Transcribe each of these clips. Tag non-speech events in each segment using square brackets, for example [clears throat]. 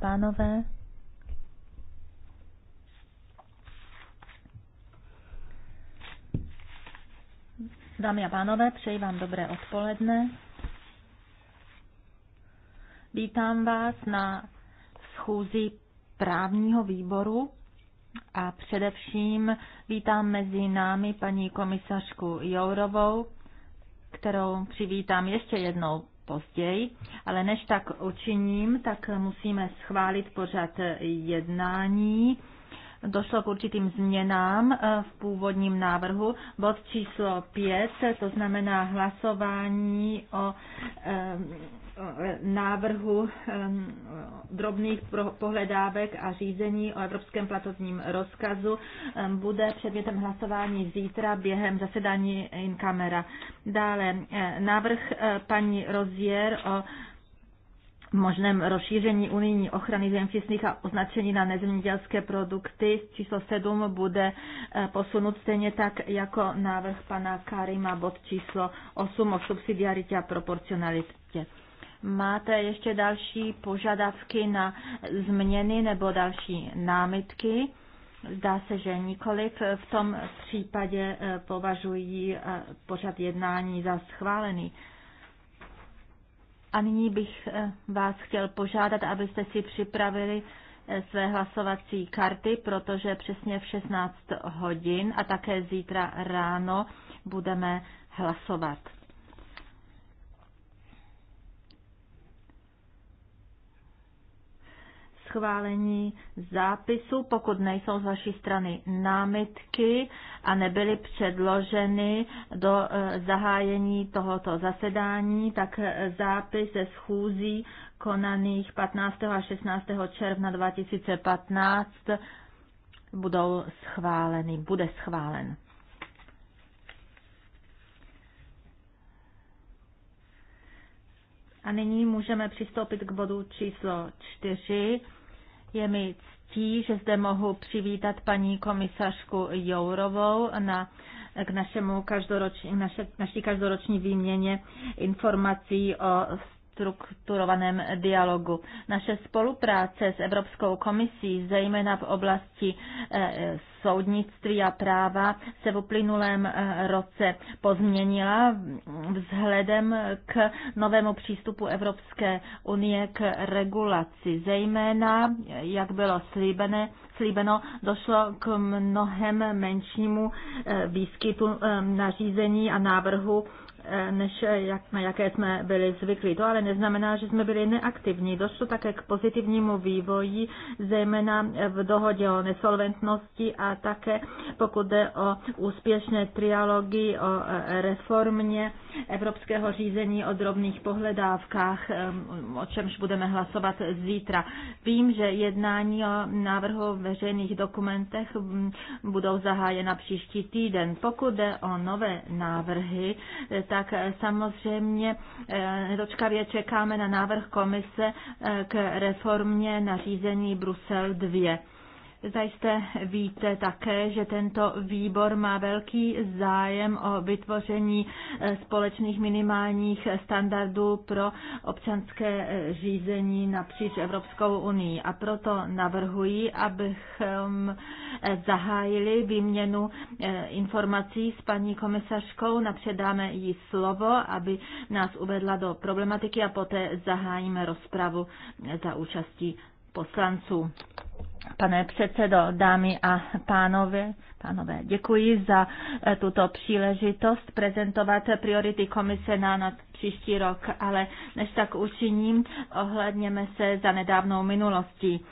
pánové, Dámy a pánové, přeji vám dobré odpoledne. Vítám vás na schůzi právního výboru a především vítám mezi námi paní komisařku Jourovou, kterou přivítám ještě jednou později, ale než tak učiním, tak musíme schválit pořad jednání došlo k určitým změnám eh, v původním návrhu. Bod číslo 5, to znamená hlasování o eh, návrhu eh, drobných pohledávek a řízení o Evropském platovním rozkazu bude předmětem hlasování zítra během zasedání in camera. Dále návrh paní Rozier o možném rozšíření unijní ochrany zeměpisných a označení na nezemědělské produkty číslo 7 bude eh, posunut stejně tak jako návrh pana Karima bod číslo 8 o subsidiaritě a proporcionalitě. Máte ještě další požadavky na změny nebo další námitky? Zdá se, že nikoliv. V tom případě eh, považují eh, pořad jednání za schválený. A nyní bych eh, vás chtěl požádat, abyste si připravili eh, své hlasovací karty, protože přesně v 16 hodin a také zítra ráno budeme hlasovat. schválení zápisu, pokud nejsou z vaší strany námitky a nebyly předloženy do eh, zahájení tohoto zasedání, tak eh, zápis ze schůzí konaných 15. a 16. června 2015 budou schváleny, bude schválen. A nyní můžeme přistoupit k bodu číslo 4. Je mi ctí, že zde mohu přivítat paní komisařku Jourovou na, k našemu každoroční, naše, naší každoroční výměně informací o strukturovaném dialogu. Naše spolupráce s Evropskou komisí, zejména v oblasti eh, soudnictví a práva, se v uplynulém eh, roce pozměnila vzhledem k novému přístupu Evropské unie k regulaci. Zejména, jak bylo slíbené, slíbeno, došlo k mnohem menšímu eh, výskytu nařízení a návrhu Eh, než eh, jak, na jaké jsme byli zvyklí. To ale neznamená, že jsme byli neaktivní. Došlo také k pozitivnímu vývoji, zejména v dohodě o nesolventnosti a také pokud jde o úspěšné trialogy o eh, reformě evropského řízení o drobných pohledávkách, o čemž budeme hlasovat zítra. Vím, že jednání o návrhu veřejných dokumentech mm, budou zahájena příští týden. Pokud jde o nové návrhy, tak tak samozřejmě eh, nedočkavě čekáme na návrh komise eh, k reformě nařízení Brusel 2. Zajisté víte také, že tento výbor má velký zájem o vytvoření eh, společných minimálních standardů pro občanské eh, řízení napříč Evropskou unii. A proto navrhuji, abychom eh, zahájili výměnu informací s paní komisařkou. Napředáme jí slovo, aby nás uvedla do problematiky a poté zahájíme rozpravu za účastí poslanců. Pane předsedo, dámy a pánové, pánové, děkuji za eh, tuto příležitost prezentovat priority komise na nad příští rok, ale než tak učiním, ohledněme se za nedávnou minulostí.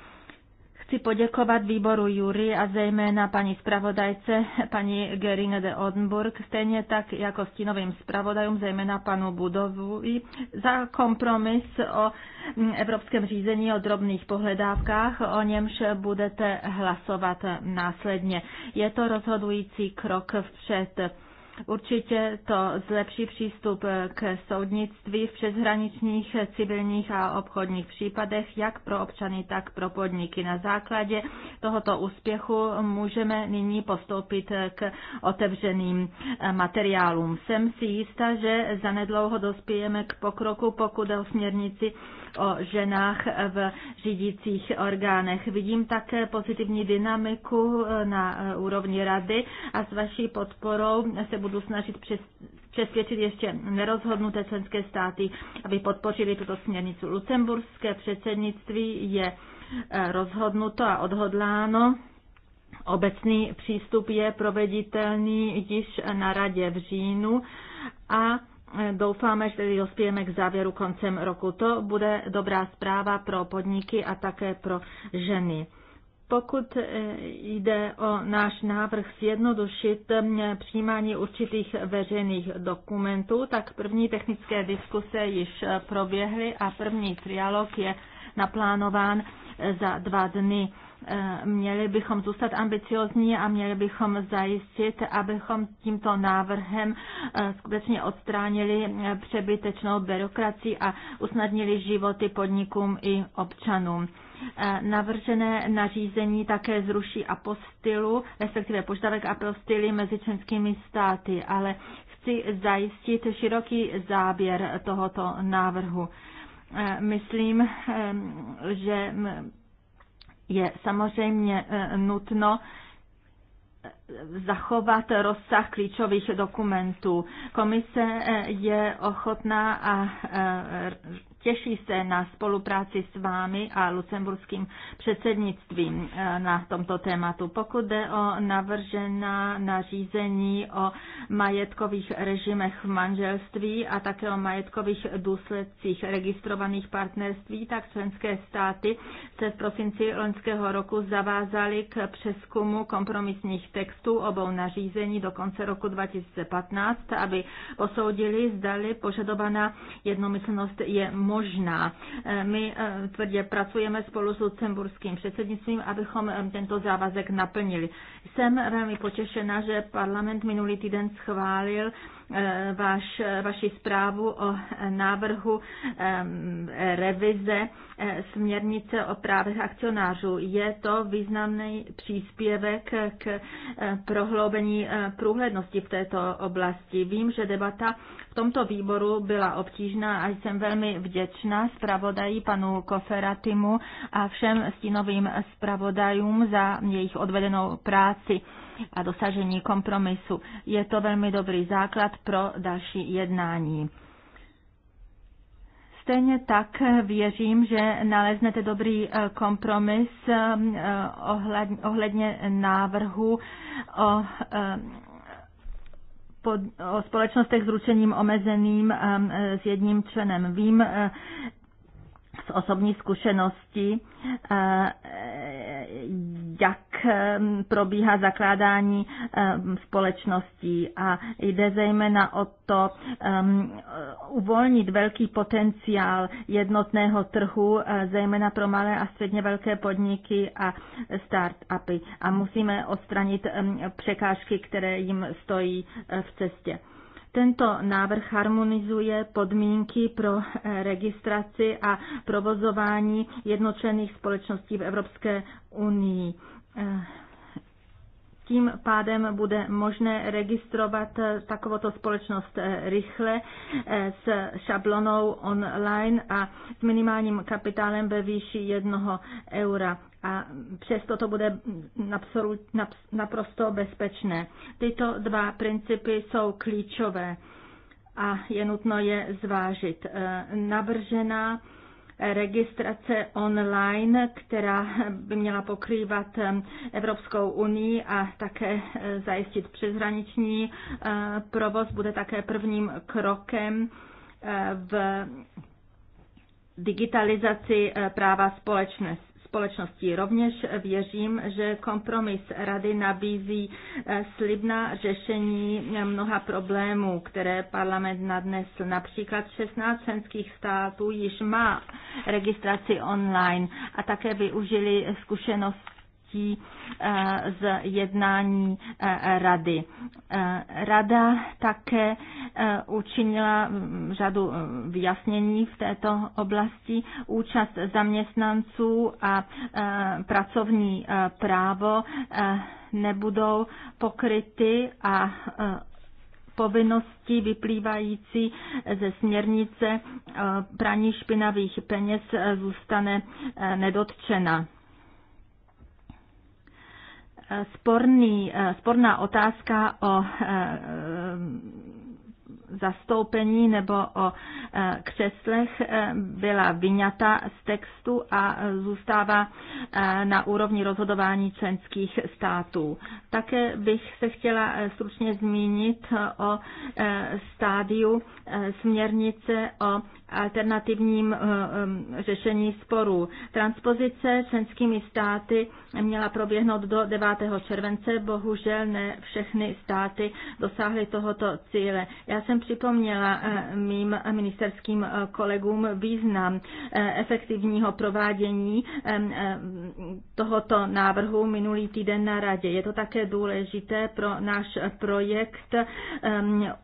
Chci poděkovat výboru Jury a zejména paní zpravodajce, paní Geringe de Odenburg, stejně tak jako stínovým zpravodajům, zejména panu i za kompromis o evropském řízení o drobných pohledávkách, o němž budete hlasovat následně. Je to rozhodující krok vpřed Určitě to zlepší přístup k soudnictví v přeshraničních civilních a obchodních případech, jak pro občany, tak pro podniky. Na základě tohoto úspěchu můžeme nyní postoupit k otevřeným materiálům. Jsem si jistá, že zanedlouho dospějeme k pokroku, pokud o směrnici o ženách v řídících orgánech. Vidím také pozitivní dynamiku eh, na eh, úrovni rady a s vaší podporou se budu snažit přes přesvědčit ještě nerozhodnuté členské státy, aby podpořili tuto směrnicu. Lucemburské předsednictví je eh, rozhodnuto a odhodláno. Obecný přístup je proveditelný již na radě v říjnu a Doufáme, že dospějeme k závěru koncem roku. To bude dobrá zpráva pro podniky a také pro ženy. Pokud eh, jde o náš návrh zjednodušit eh, přijímání určitých veřejných dokumentů, tak první technické diskuse již eh, proběhly a první trialog je naplánován za dva dny. Eh, měli bychom zůstat ambiciozní a měli bychom zajistit, abychom tímto návrhem eh, skutečně odstránili eh, přebytečnou byrokracii a usnadnili životy podnikům i občanům. Navržené nařízení také zruší apostilu, respektive požadavek apostily mezi členskými státy, ale chci zajistit široký záběr tohoto návrhu. Myslím, že je samozřejmě eh, nutno eh, zachovat rozsah klíčových dokumentů. Komise eh, je ochotná a těší se na spolupráci s vámi a lucemburským předsednictvím eh, na tomto tématu. Pokud jde o navržená nařízení o majetkových režimech v manželství a také o majetkových důsledcích registrovaných partnerství, tak členské státy se v prosinci loňského roku zavázaly k přeskumu kompromisních textů obou nařízení do konce roku 2015, aby posoudili, zdali požadovaná jednomyslnost je možná možná. Eh, my eh, tvrdě pracujeme spolu s lucemburským předsednictvím, abychom eh, tento závazek naplnili. Jsem velmi potěšena, že parlament minulý týden schválil Eh, váš, vaši zprávu o návrhu revize eh, směrnice o právech akcionářů. Je to významný příspěvek k eh, prohloubení průhlednosti v této oblasti. Vím, že debata v tomto výboru byla obtížná a jsem velmi vděčná zpravodají panu Koferatimu a všem stínovým zpravodajům za jejich odvedenou práci a dosažení kompromisu. Je to velmi dobrý základ pro další jednání. Stejně tak věřím, že naleznete dobrý eh, kompromis eh, eh, ohledně návrhu o o společnostech s ručením omezeným s jedním členem. Vím z osobní zkušenosti, Ehm, probíhá zakládání ehm, společností a jde zejména o to ehm, uvolnit velký potenciál jednotného trhu, eh, zejména pro malé a středně velké podniky a start-upy. A musíme odstranit překážky, které jim stojí eh, v cestě. Tento návrh harmonizuje podmínky pro eh, registraci a provozování jednočlenných společností v Evropské unii tím pádem bude možné registrovat takovouto společnost eh, rychle eh, s šablonou online a s minimálním kapitálem ve výši jednoho eura. A přesto to bude naprosto bezpečné. Tyto dva principy jsou klíčové a je nutno je zvážit. Eh, navržená registrace online, která by měla pokrývat eh, Evropskou unii a také eh, zajistit přeshraniční eh, provoz, bude také prvním krokem v digitalizaci práva společnosti společností. Rovněž věřím, že kompromis Rady nabízí eh, slibná řešení eh, mnoha problémů, které parlament nadnesl. Například 16 členských států již má registraci online a také využili zkušenosti událostí eh, z jednání eh, rady. Eh, rada také učinila mm, řadu mm, vyjasnění v této oblasti. Účast zaměstnanců a pracovní právo nebudou pokryty a povinnosti vyplývající ze směrnice praní špinavých peněz zůstane nedotčena sporný, eh, sporná otázka o eh, zastoupení nebo o e, křeslech e, byla vyňata z textu a zůstává e, na úrovni rozhodování členských států. Také bych se chtěla stručně zmínit o stádiu směrnice o alternativním řešení sporů. Transpozice členskými státy měla proběhnout do 9. července, bohužel ne všechny státy dosáhly tohoto cíle. Já jsem jsem připomněla eh, mým ministerským eh, kolegům význam eh, efektivního provádění tohoto návrhu minulý týden na radě. Je to také důležité pro náš projekt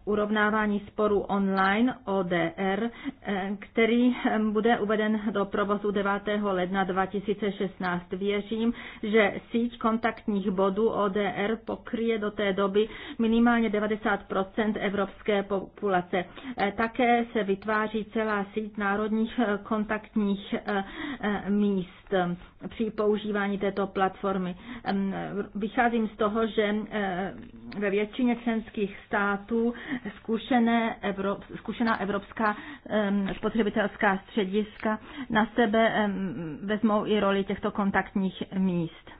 urovnávání sporu online ODR, který bude uveden do provozu 9. ledna 2016. Věřím, že síť kontaktních bodů ODR pokryje do té doby minimálně 90 evropské populace. Eh, také se vytváří celá síť národních eh, kontaktních eh, míst při používání této platformy. Vycházím z toho, že ve většině členských států zkušené Evrop, zkušená evropská spotřebitelská střediska na sebe vezmou i roli těchto kontaktních míst.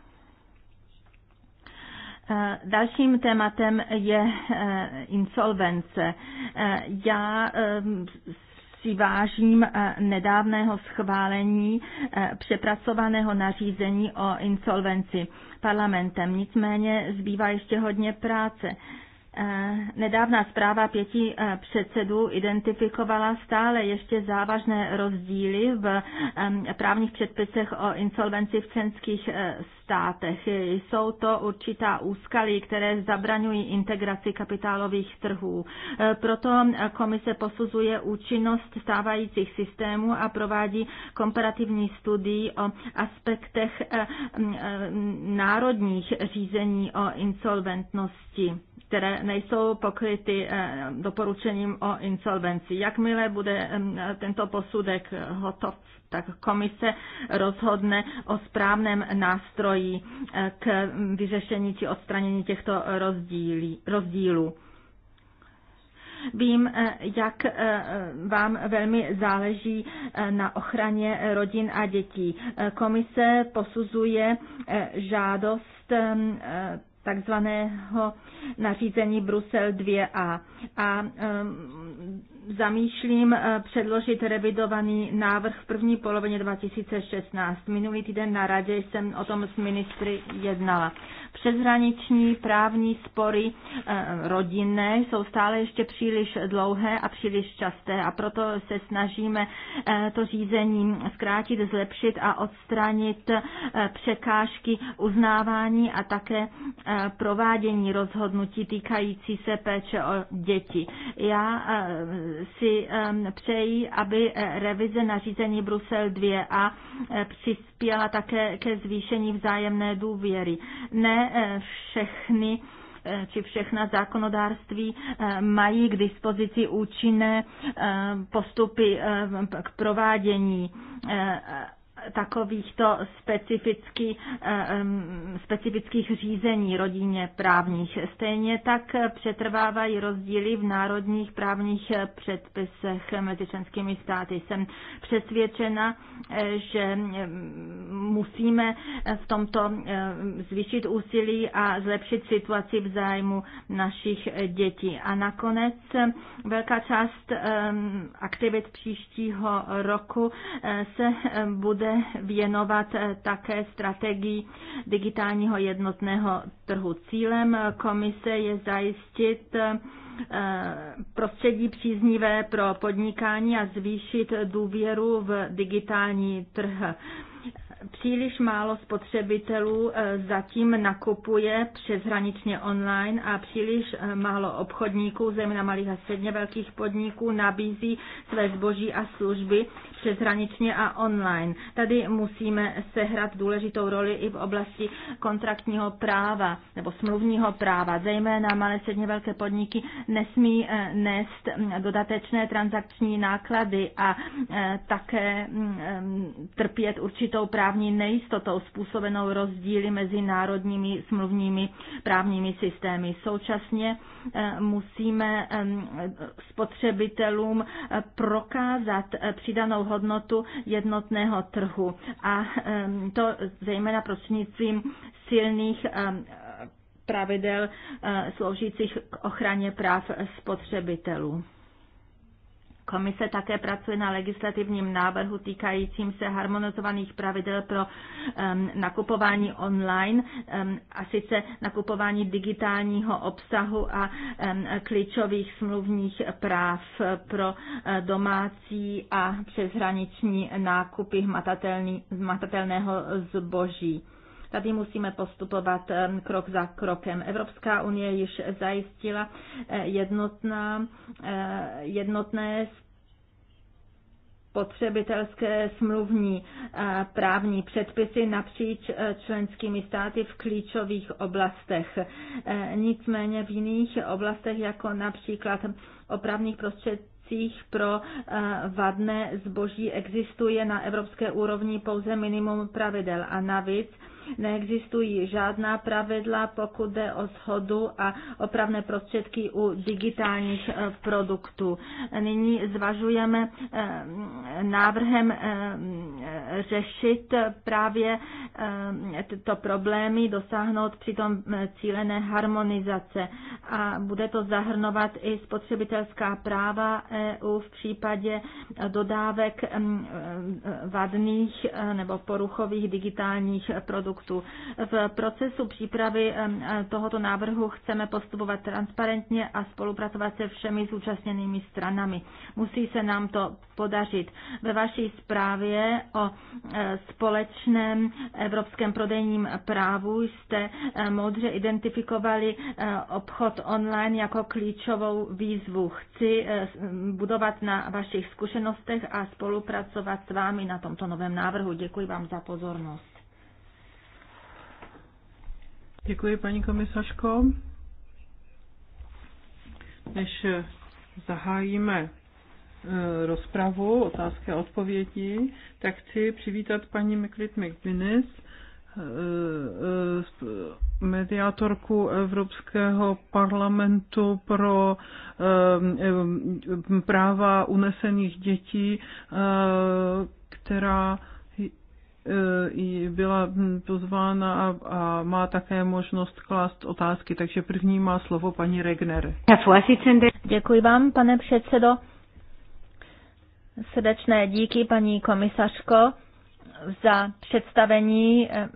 Eh, dalším tématem je eh, insolvence. Eh, já si vážím nedávného schválení přepracovaného nařízení o insolvenci parlamentem. Nicméně zbývá ještě hodně práce. Eh, nedávná zpráva pěti eh, předsedů identifikovala stále ještě závažné rozdíly v eh, právních předpisech o insolvenci v členských státech. Jsou to určitá úskalí, které zabraňují integraci kapitálových trhů. Proto komise posuzuje účinnost stávajících systémů a provádí komparativní studii o aspektech národních řízení o insolventnosti které nejsou pokryty eh, doporučením o insolvenci. Jakmile bude tento posudek hotov, tak komise rozhodne o správném nástroji eh, k vyřešení či odstranění těchto rozdílí, rozdílů. Vím, eh, jak vám velmi záleží na ochraně rodin a dětí. Komise posuzuje žádost takzvaného nařízení Brusel 2a. A ehm, zamýšlím eh, předložit revidovaný návrh v první polovině 2016. Minulý týden na radě jsem o tom s ministry jednala. Přeshraniční právní spory eh, rodinné jsou stále ještě příliš dlouhé a příliš časté a proto se snažíme eh, to řízení zkrátit, zlepšit a odstranit eh, překážky uznávání a také provádění rozhodnutí týkající se péče o děti. Já si přeji, aby revize nařízení Brusel 2a přispěla také ke zvýšení vzájemné důvěry. Ne Eh, všechny eh, či všechna zákonodárství eh, mají k dispozici účinné postupy k provádění takovýchto specifický, eh, specifických řízení rodině právních. Stejně tak přetrvávají rozdíly v národních právních předpisech mezi členskými státy. Jsem přesvědčena, eh, že musíme v tomto eh, zvýšit úsilí a zlepšit situaci v zájmu našich dětí. A nakonec velká část aktivit příštího roku se bude věnovat eh, také strategii digitálního jednotného trhu. Cílem eh, komise je zajistit eh, prostředí příznivé pro podnikání a zvýšit důvěru v digitální trh. Příliš málo spotřebitelů zatím nakupuje přeshraničně online a příliš málo obchodníků, zejména malých a středně velkých podniků, nabízí své zboží a služby přeshraničně a online. Tady musíme sehrát důležitou roli i v oblasti kontraktního práva nebo smluvního práva. Zejména malé středně velké podniky nesmí eh, nést mm, dodatečné transakční náklady a eh, také mm, eh, trpět určitou právní nejistotou způsobenou rozdíly mezi národními smluvními právními systémy. Současně Eh, musíme spotřebitelům eh, prokázat eh, přidanou hodnotu jednotného trhu. A to zejména prostřednictvím silných pravidel sloužících k ochraně práv spotřebitelů. Komise také pracuje na legislativním návrhu týkajícím se harmonizovaných pravidel pro um, nakupování online, um, a sice nakupování digitálního obsahu a um, klíčových smluvních práv pro uh, domácí a přeshraniční nákupy hmatatelného zboží. Tady musíme postupovat krok za krokem. Evropská unie již zajistila eh, jednotná, eh, jednotné potřebitelské smluvní eh, právní předpisy napříč členskými státy v klíčových oblastech. Nicméně v jiných oblastech, jako například opravných prostředků, pro vadné zboží existuje na evropské úrovni pouze minimum pravidel a navíc neexistují žádná pravidla, pokud jde o shodu a opravné prostředky u digitálních eh, produktů. Nyní zvažujeme eh, návrhem eh, řešit právě tyto problémy, dosáhnout přitom cílené harmonizace a bude to zahrnovat i spotřebitelská práva EU v případě dodávek mm, vadných nebo poruchových digitálních produktů produktu. V procesu přípravy tohoto návrhu chceme postupovat transparentně a spolupracovat se všemi zúčastněnými stranami. Musí se nám to podařit. Ve vaší zprávě o e, společném evropském prodejním právu jste e, moudře identifikovali e, obchod online jako klíčovou výzvu. Chci budovat na vašich zkušenostech a spolupracovat s vámi na tomto novém návrhu. Děkuji vám za pozornost. Děkuji, paní komisařko. Než eh, zahájíme eh, rozpravu, otázky a odpovědi, tak chci přivítat paní Miklit McGuinness, eh, mediátorku Evropského parlamentu pro práva unesených dětí, která E, byla hm, pozvána a, a má také možnost klást otázky. Takže první má slovo paní Regner. Děkuji vám, pane předsedo. Srdečné díky, paní komisařko, za představení eh,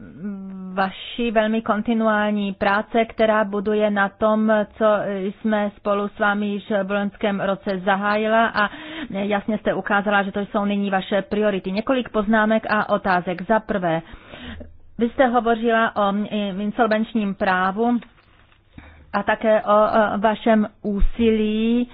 vaší velmi kontinuální práce, která buduje na tom, co jsme spolu s vámi již v loňském roce zahájila a jasně jste ukázala, že to jsou nyní vaše priority. Několik poznámek a otázek. Za prvé, vy jste hovořila o insolvenčním právu a také o vašem úsilí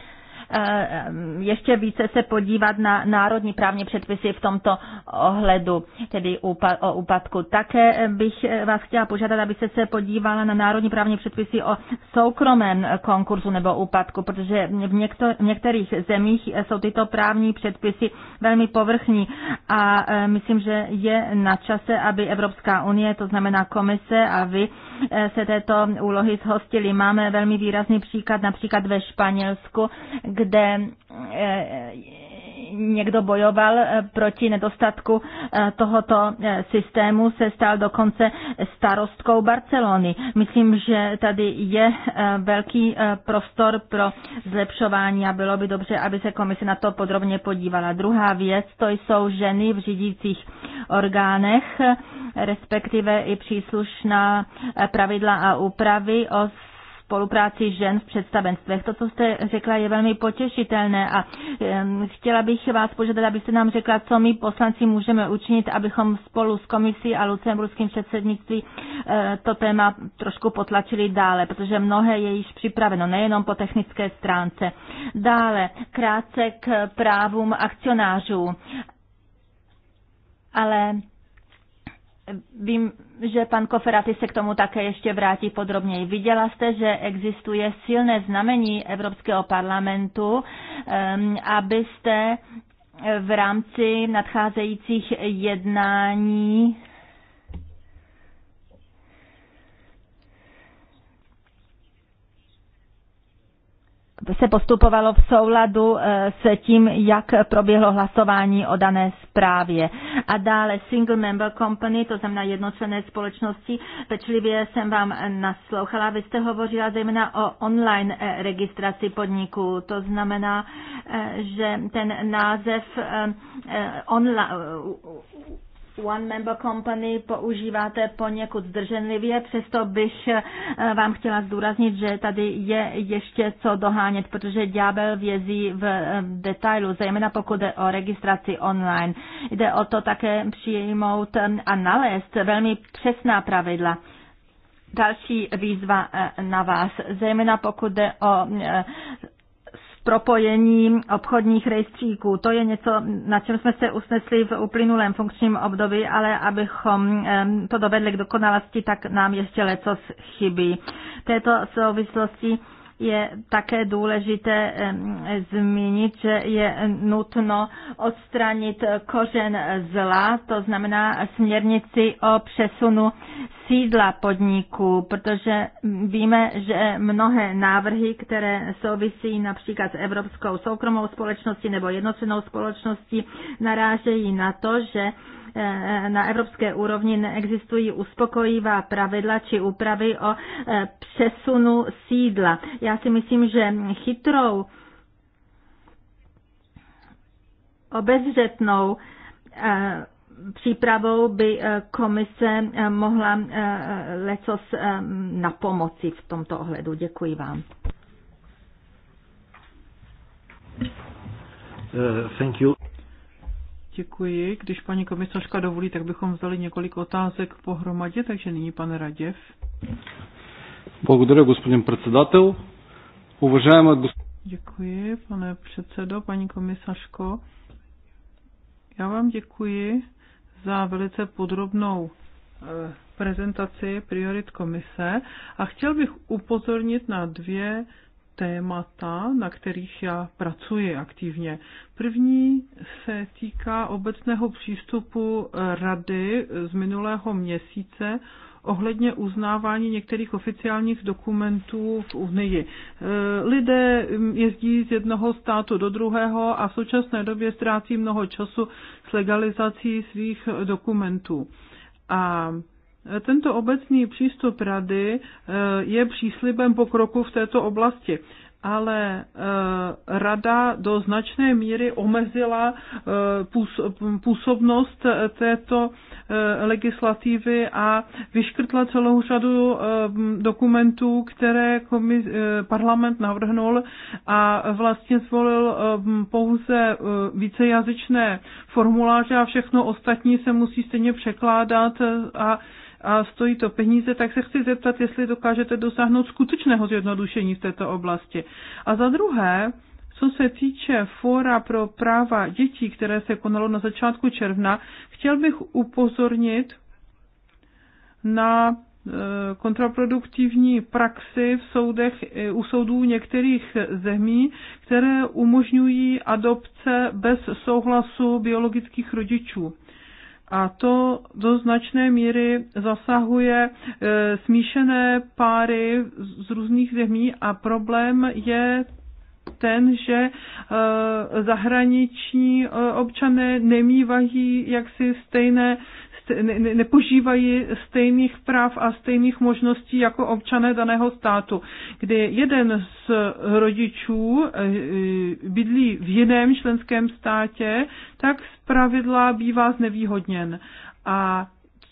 Eh, eh, ještě více se podívat na národní právní předpisy v tomto ohledu, tedy o úpadku. Také eh, bych vás chtěla požádat, abyste se podívala na národní právní předpisy o soukromém konkurzu nebo úpadku, protože v některých zemích jsou tyto právní předpisy velmi povrchní a myslím, že je na čase, aby Evropská unie, to znamená komise a vy, se této úlohy zhostili. Máme velmi výrazný příklad například ve Španělsku, kde kde eh, někdo bojoval eh, proti nedostatku eh, tohoto systému, se stal dokonce starostkou Barcelony. Myslím, že tady je velký prostor pro zlepšování a bylo by dobře, aby se komise na to podrobně podívala. Druhá věc, to jsou ženy v řídících orgánech, respektive i příslušná pravidla a úpravy o spolupráci žen v představenstvech. To, co jste řekla, je velmi potěšitelné a chtěla bych vás požádat, abyste nám řekla, co my poslanci můžeme učinit, abychom spolu s komisí a lucemburským předsednictví e, to téma trošku potlačili dále, protože mnohé je již připraveno, nejenom po technické stránce. Dále, krátce k právům akcionářů. Ale vím, že pan Koferaty se k tomu také ještě vrátí podrobněji. Viděla jste, že existuje silné znamení Evropského parlamentu, ehm, abyste v rámci nadcházejících jednání se postupovalo v souladu eh, s tím, jak proběhlo hlasování o dané zprávě. A dále single member company, to znamená jednočlené společnosti. Pečlivě jsem vám naslouchala. Vy jste hovořila zejména o online eh, registraci podniků. To znamená, eh, že ten název online, One Member Company používáte poněkud zdrženlivě, přesto bych eh, vám chtěla zdůraznit, že tady je ještě co dohánět, protože ďábel vězí v eh, detailu, zejména pokud jde o registraci online. Jde o to také přijmout eh, a nalézt velmi přesná pravidla. Další výzva na vás, zejména pokud jde o propojení obchodních rejstříků. To je něco, na čem jsme se usnesli v uplynulém funkčním období, ale abychom to dovedli k dokonalosti, tak nám ještě leco chybí. V této souvislosti je také důležité zmínit, že je nutno odstranit kořen zla, to znamená směrnici o přesunu sídla podniků, protože víme, že mnohé návrhy, které souvisí například s Evropskou soukromou společností nebo jednocenou společností, narážejí na to, že Eh, na evropské úrovni neexistují uspokojivá pravidla či úpravy o eh, přesunu sídla. Já si myslím, že chytrou obezřetnou eh, přípravou by komise mohla lecos na pomoci v tomto ohledu. Děkuji vám. Uh, thank you. Děkuji. Když paní komisařka dovolí, tak bychom vzali několik otázek pohromadě, takže nyní pan Raděv. Благодаря, господин председател. Уважаема господин... Děkuji, pane předsedo, paní komisařko. Já vám děkuji za velice podrobnou eh, prezentaci priorit komise a chtěl bych upozornit na dvě témata, na kterých já pracuji aktivně. První se týká obecného přístupu eh, rady z minulého měsíce ohledně uznávání některých oficiálních dokumentů v Unii. Eh, lidé mm, jezdí z jednoho státu do druhého a v současné době ztrácí mnoho času s legalizací svých dokumentů. A tento obecný přístup rady eh, je příslibem pokroku v této oblasti, ale eh, rada do značné míry omezila eh, působnost této legislativy a vyškrtla celou řadu dokumentů, které parlament navrhnul a vlastně zvolil pouze vícejazyčné formuláře a všechno ostatní se musí stejně překládat a a stojí to peníze, tak se chci zeptat, jestli dokážete dosáhnout skutečného zjednodušení v této oblasti. A za druhé, co se týče Fóra pro práva dětí, které se konalo na začátku června, chtěl bych upozornit na e, kontraproduktivní praxi v soudech, u soudů některých zemí, které umožňují adopce bez souhlasu biologických rodičů a to do značné míry zasahuje e, smíšené páry z různých zemí a problém je ten, že e, zahraniční e, občané nemývají jaksi stejné nepožívají stejných práv a stejných možností jako občané daného státu, kdy jeden z rodičů eh, eh, bydlí v jiném členském státě, tak z pravidla bývá znevýhodněn. A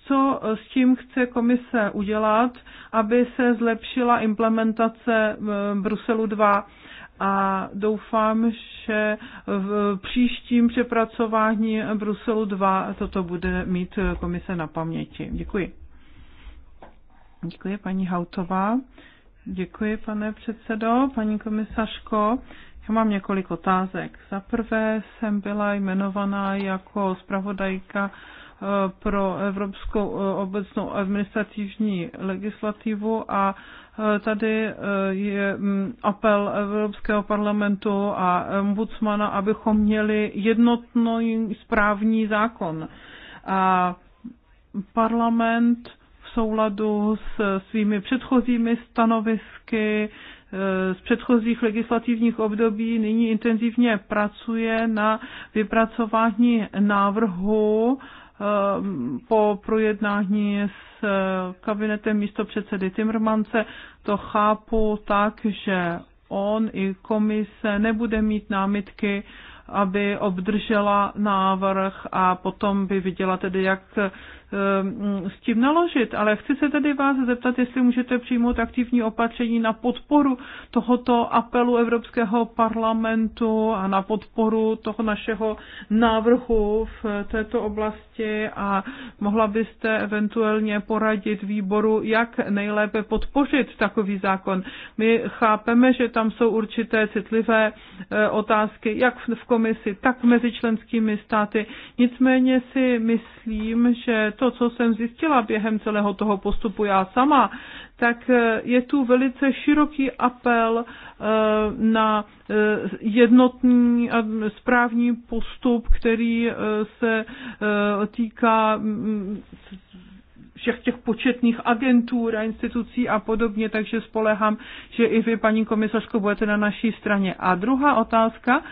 co s tím chce komise udělat, aby se zlepšila implementace eh, Bruselu 2 a doufám, že v příštím přepracování Bruselu 2 toto bude mít komise na paměti. Děkuji. Děkuji, paní Hautová. Děkuji, pane předsedo, paní komisařko. Já mám několik otázek. Za prvé jsem byla jmenovaná jako zpravodajka eh, pro Evropskou eh, obecnou administrativní legislativu a Tady eh, je mm, apel Evropského parlamentu a ombudsmana, abychom měli jednotný správní zákon. A parlament v souladu s svými předchozími stanovisky eh, z předchozích legislativních období nyní intenzivně pracuje na vypracování návrhu Ehm, po projednání s eh, kabinetem místo předsedy Timrmance to chápu tak, že on i komise nebude mít námitky, aby obdržela návrh a potom by viděla tedy, jak Ehm, s tím naložit, ale chci se tedy vás zeptat, jestli můžete přijmout aktivní opatření na podporu tohoto apelu Evropského parlamentu a na podporu toho našeho návrhu v této oblasti a mohla byste eventuálně poradit výboru, jak nejlépe podpořit takový zákon. My chápeme, že tam jsou určité citlivé eh, otázky, jak v komisi, tak mezi členskými státy. Nicméně si myslím, že to, co jsem zjistila během celého toho postupu já sama, tak eh, je tu velice široký apel eh, na eh, jednotný a správní postup, který se týká mm, všech těch početných agentur a institucí a podobně, takže spolehám, že i vy, paní komisařko, budete na naší straně. A druhá otázka,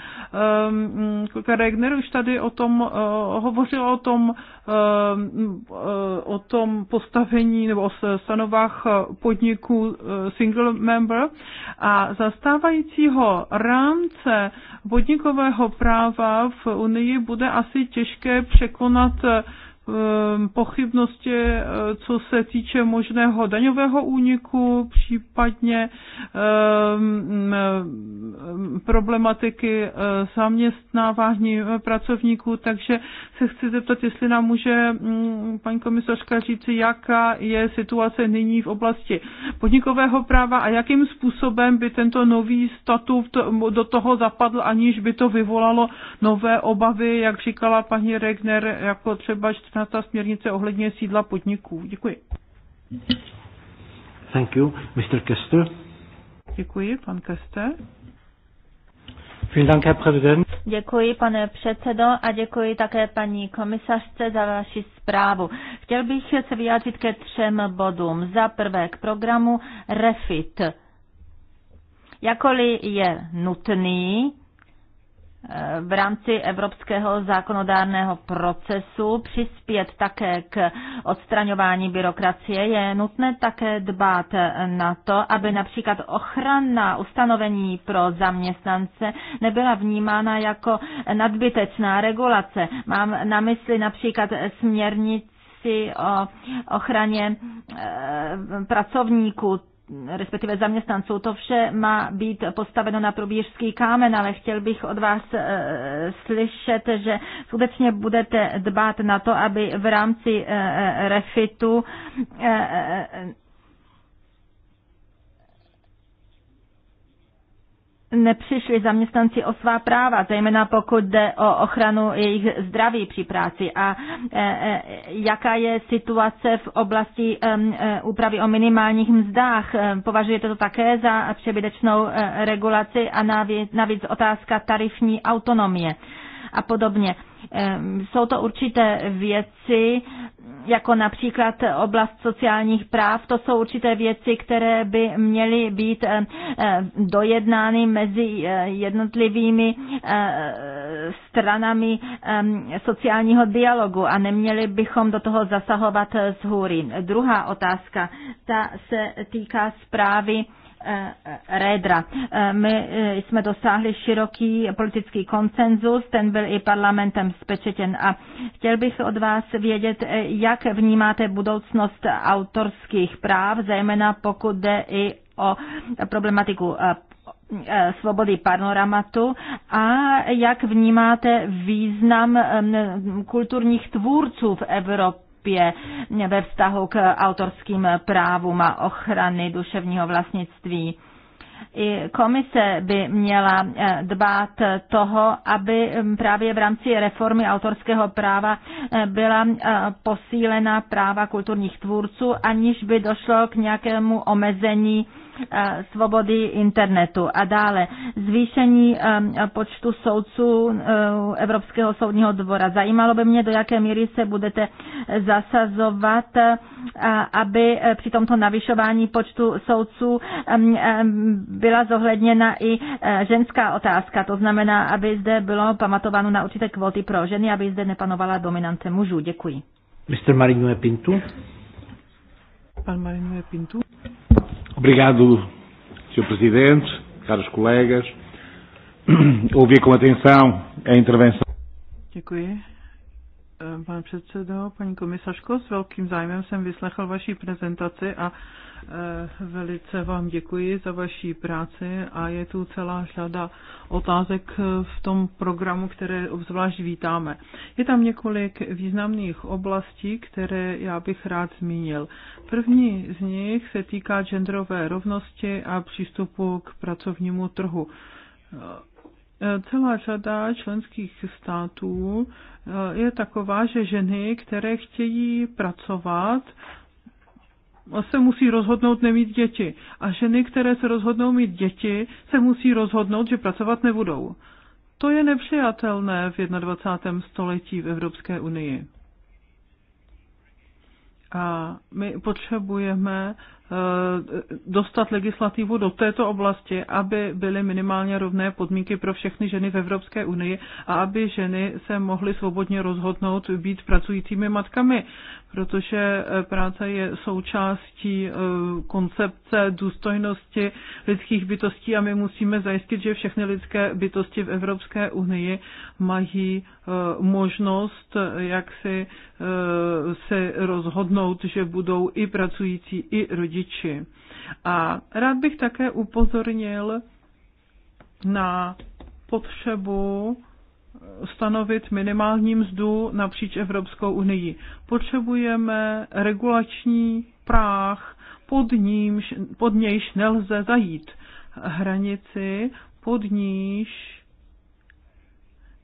um, Regner už tady o tom uh, eh, hovořila o tom, ehm, eh, o tom postavení nebo o stanovách podniku eh, single member a zastávajícího rámce podnikového práva v Unii bude asi těžké překonat Ehm, pochybnosti, eh, co se týče možného daňového úniku, případně ehm, problematiky eh, zaměstnávání eh, pracovníků, takže se chci zeptat, jestli nám může mm, paní komisařka říci, jaká je situace nyní v oblasti podnikového práva a jakým způsobem by tento nový statut do toho zapadl, aniž by to vyvolalo nové obavy, jak říkala paní Regner, jako třeba 14 ta směrnice ohledně sídla podniků. Děkuji. Thank you. Mr. Kester. Děkuji, pan Kester. Děkuji, pane předsedo, a děkuji také paní komisařce za vaši zprávu. Chtěl bych se vyjádřit ke třem bodům. Za prvé k programu REFIT. Jakoli je nutný, v rámci evropského zákonodárného procesu přispět také k odstraňování byrokracie, je nutné také dbát na to, aby například ochrana ustanovení pro zaměstnance nebyla vnímána jako nadbytečná regulace. Mám na mysli například směrnici o ochraně eh, pracovníků respektive zaměstnanců. To vše má být postaveno na probířský kámen, ale chtěl bych od vás eh, slyšet, že skutečně budete dbát na to, aby v rámci eh, eh, refitu nepřišli zaměstnanci o svá práva, zejména pokud jde o ochranu jejich zdraví při práci a e, e, jaká je situace v oblasti e, úpravy o minimálních mzdách. Považujete to také za přebytečnou regulaci a navíc, navíc otázka tarifní autonomie a podobně. Ehm, jsou to určité věci, jako například oblast sociálních práv, to jsou určité věci, které by měly být ehm, ehm, dojednány mezi eh, jednotlivými eh, stranami sociálního dialogu a neměli bychom do toho zasahovat z hůry. Druhá otázka, ta se týká zprávy Eh, eh, rédra. Eh, my jsme dosáhli široký politický konsenzus, ten byl i parlamentem spečetěn. A chtěl bych od vás vědět, jak vnímáte budoucnost autorských práv, zejména pokud jde i o problematiku svobody panoramatu a jak vnímáte význam kulturních tvůrců v Evropě Evropě ve vztahu k autorským právům a ochrany duševního vlastnictví. I komise by měla eh, dbát toho, aby mm, právě v rámci reformy autorského práva eh, byla eh, posílena práva kulturních tvůrců, aniž by došlo k nějakému omezení Eh, svobody internetu. A dále zvýšení eh, počtu soudců eh, Evropského soudního dvora. Zajímalo by mě, do jaké míry se budete zasazovat, aby při tomto navyšování počtu soudců byla zohledněna i ženská otázka. To znamená, aby zde bylo pamatováno na určité kvóty pro ženy, aby zde nepanovala dominance mužů. Děkuji. Mr. Marino Pintu. Pan Marino Pintu. Obrigado, Sr. Presidente, caros colegas. [clears throat] Ouvi com atenção a intervenção. Děkuji. Eh, pane předsedo, paní komisařko, s velkým zájmem jsem vyslechl vaši prezentaci a Eh, velice vám děkuji za vaší práci a je tu celá řada otázek eh, v tom programu, které obzvlášť vítáme. Je tam několik významných oblastí, které já bych rád zmínil. První z nich se týká genderové rovnosti a přístupu k pracovnímu trhu. Eh, celá řada členských států je taková, že ženy, které chtějí pracovat, se musí rozhodnout nemít děti. A ženy, které se rozhodnou mít děti, se musí rozhodnout, že pracovat nebudou. To je nepřijatelné v 21. století v Evropské unii. A my potřebujeme Eh, dostat legislativu do této oblasti, aby byly minimálně rovné podmínky pro všechny ženy v Evropské unii a aby ženy se mohly svobodně rozhodnout být pracujícími matkami, protože eh, práce je součástí eh, koncepce důstojnosti lidských bytostí a my musíme zajistit, že všechny lidské bytosti v Evropské unii mají možnost, jak si se rozhodnout, že budou i pracující, i rodiče rodiči. A rád bych také upozornil na potřebu stanovit minimální mzdu napříč Evropskou unii. Potřebujeme regulační práh, pod, nímž, pod nějž nelze zajít hranici, pod níž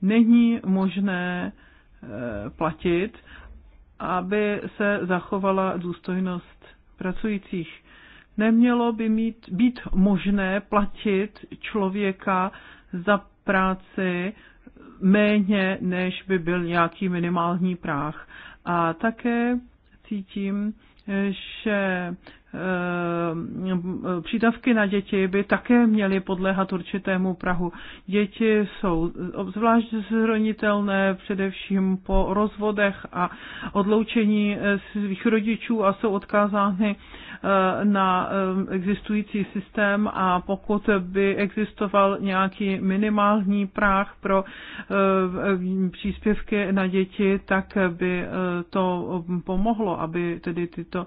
není možné eh, platit, aby se zachovala důstojnost pracujících. Nemělo by mít, být možné platit člověka za práci méně, než by byl nějaký minimální práh. A také cítím, že eh, přídavky na děti by také měly podléhat určitému Prahu. Děti jsou zvlášť zranitelné především po rozvodech a odloučení svých rodičů a jsou odkázány Eh, na eh, existující systém a pokud by existoval nějaký minimální práh pro eh, příspěvky na děti, tak by to pomohlo, aby tedy tyto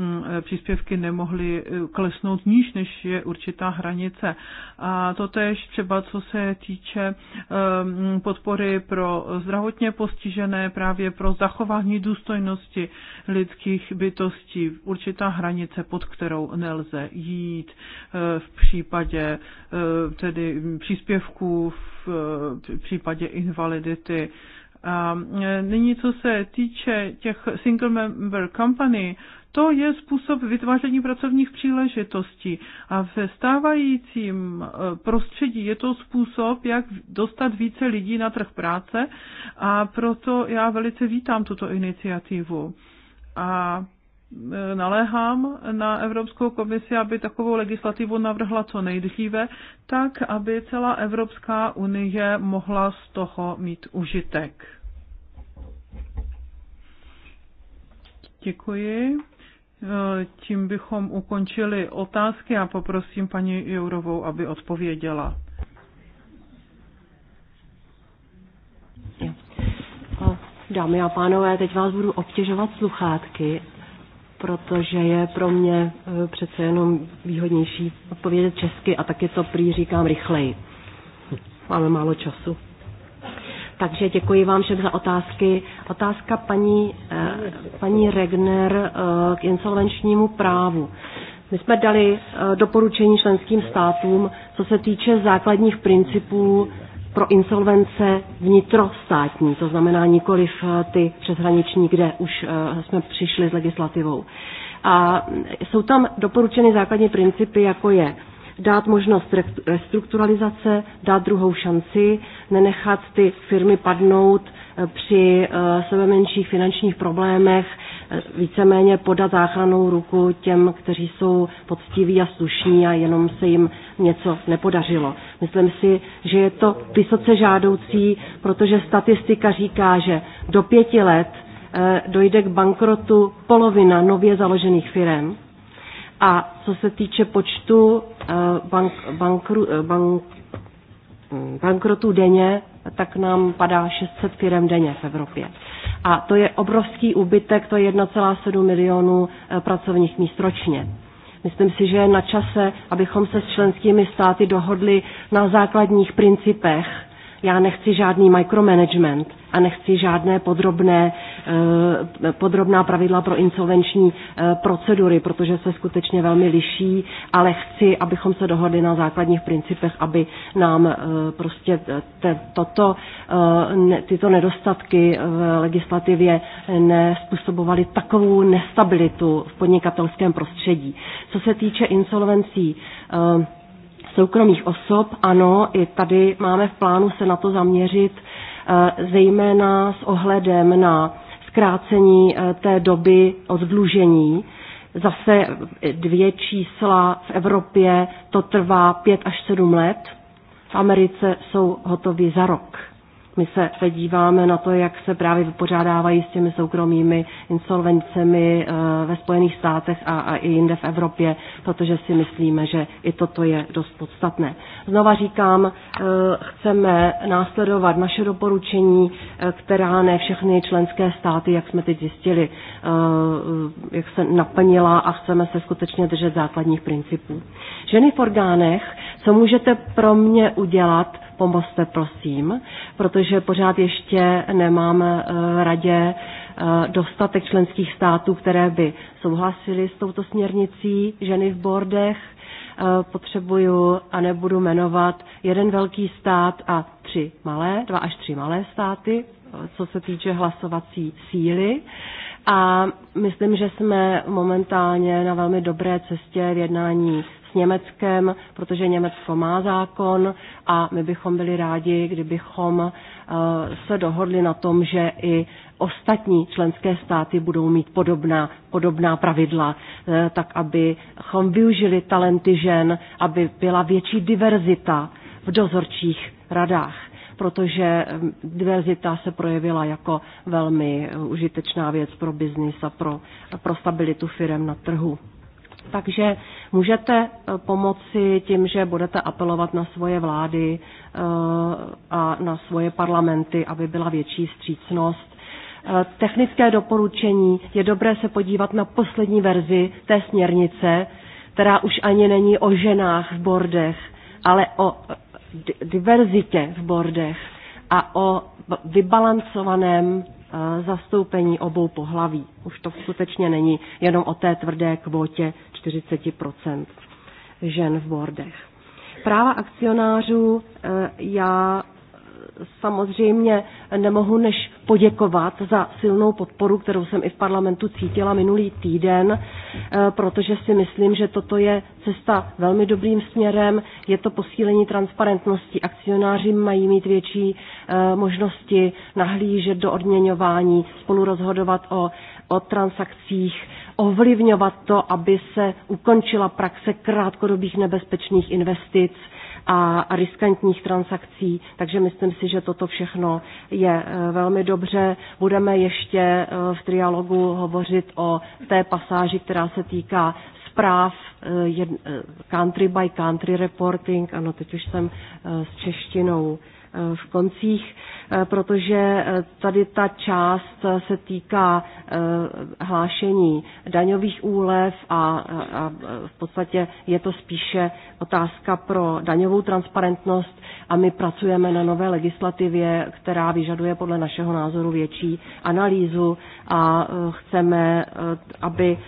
Mm, eh, příspěvky nemohly eh, klesnout níž, než je určitá hranice. A to tež třeba co se týče eh, podpory pro zdravotně postižené, právě pro zachování důstojnosti lidských bytostí, určitá hranice, pod kterou nelze jít v případě tedy příspěvků v případě invalidity. A nyní, co se týče těch single member company, to je způsob vytváření pracovních příležitostí a ve stávajícím e, prostředí je to způsob, jak dostat více lidí na trh práce a proto já velice vítám tuto iniciativu. A e, naléhám na Evropskou komisi, aby takovou legislativu navrhla co nejdříve, tak aby celá Evropská unie mohla z toho mít užitek. Děkuji. E, tím bychom ukončili otázky a poprosím paní Jourovou, aby odpověděla. Dámy a pánové, teď vás budu obtěžovat sluchátky, protože je pro mě e, přece jenom výhodnější odpovědět česky a taky to prý říkám rychleji. Máme málo času. Takže děkuji vám všem za otázky. Otázka paní, eh, paní Regner eh, k insolvenčnímu právu. My jsme dali eh, doporučení členským státům, co se týče základních principů pro insolvence vnitrostátní, to znamená nikoliv ty přeshraniční, kde už jsme přišli s legislativou. A jsou tam doporučeny základní principy, jako je dát možnost restrukturalizace, dát druhou šanci, nenechat ty firmy padnout eh, při eh, sebe menších finančních problémech, eh, víceméně podat záchranou ruku těm, kteří jsou poctiví a slušní a jenom se jim něco nepodařilo. Myslím si, že je to vysoce žádoucí, protože statistika říká, že do pěti let dojde k bankrotu polovina nově založených firm. A co se týče počtu bank, bankru, eh, bank, hm, bankrotů denně, tak nám padá 600 firm denně v Evropě. A to je obrovský úbytek, to je 1,7 milionů eh, pracovních míst ročně. Myslím si, že je na čase, abychom se s členskými státy dohodli na základních principech já nechci žádný micromanagement a nechci žádné podrobné, eh, podrobná pravidla pro insolvenční eh, procedury, protože se skutečně velmi liší, ale chci, abychom se dohodli na základních principech, aby nám eh, prostě te, toto, tyto nedostatky v legislativě nespůsobovaly takovou nestabilitu v podnikatelském prostředí. Co se týče insolvencí, soukromých osob. Ano, i tady máme v plánu se na to zaměřit, eh, zejména s ohledem na zkrácení eh, té doby oddlužení. Zase dvě čísla v Evropě to trvá pět až sedm let, v Americe jsou hotovi za rok my se díváme na to, jak se právě vypořádávají s těmi soukromými insolvencemi eh, ve Spojených státech a, a i jinde v Evropě, protože si myslíme, že i toto je dost podstatné. Znova říkám, eh, chceme následovat naše doporučení, eh, která ne všechny členské státy, jak jsme teď zjistili, eh, jak se naplnila a chceme se skutečně držet základních principů. Ženy v orgánech, co můžete pro mě udělat, pomozte prosím, protože pořád ještě nemám radě dostatek členských států, které by souhlasily s touto směrnicí ženy v bordech. Eh, potřebuju a nebudu jmenovat jeden velký stát a tři malé, dva až tři malé státy, eh, co se týče hlasovací síly. A myslím, že jsme momentálně na velmi dobré cestě v jednání s Německem, protože Německo má zákon a my bychom byli rádi, kdybychom eh, se dohodli na tom, že i ostatní členské státy budou mít podobná, podobná pravidla, eh, tak abychom využili talenty žen, aby byla větší diverzita v dozorčích radách protože mm, diverzita se projevila jako velmi eh, užitečná věc pro biznis a pro, pro stabilitu firem na trhu. Takže můžete eh, pomoci tím, že budete apelovat na svoje vlády a na svoje parlamenty, aby byla větší střícnost Eh, technické doporučení, je dobré se podívat na poslední verzi té směrnice, která už ani není o ženách v bordech, ale o eh, diverzitě v bordech a o vybalancovaném eh, zastoupení obou pohlaví. Už to skutečně není jenom o té tvrdé kvotě 40 žen v bordech. Práva akcionářů, já samozřejmě nemohu než poděkovat za silnou podporu, kterou jsem i v parlamentu cítila minulý týden, eh, protože si myslím, že toto je cesta velmi dobrým směrem. Je to posílení transparentnosti. Akcionáři mají mít větší eh, možnosti nahlížet do odměňování, spolu rozhodovat o, o transakcích, ovlivňovat to, aby se ukončila praxe krátkodobých nebezpečných investic, a riskantních transakcí, takže myslím si, že toto všechno je eh, velmi dobře. Budeme ještě eh, v trialogu hovořit o té pasáži, která se týká zpráv eh, country by country reporting, ano, teď už jsem s češtinou v koncích, eh, protože eh, tady ta část eh, se týká hlášení daňových úlev a, v podstatě je to spíše otázka pro daňovou transparentnost a my pracujeme na nové legislativě, která vyžaduje podle našeho názoru větší analýzu a chceme, aby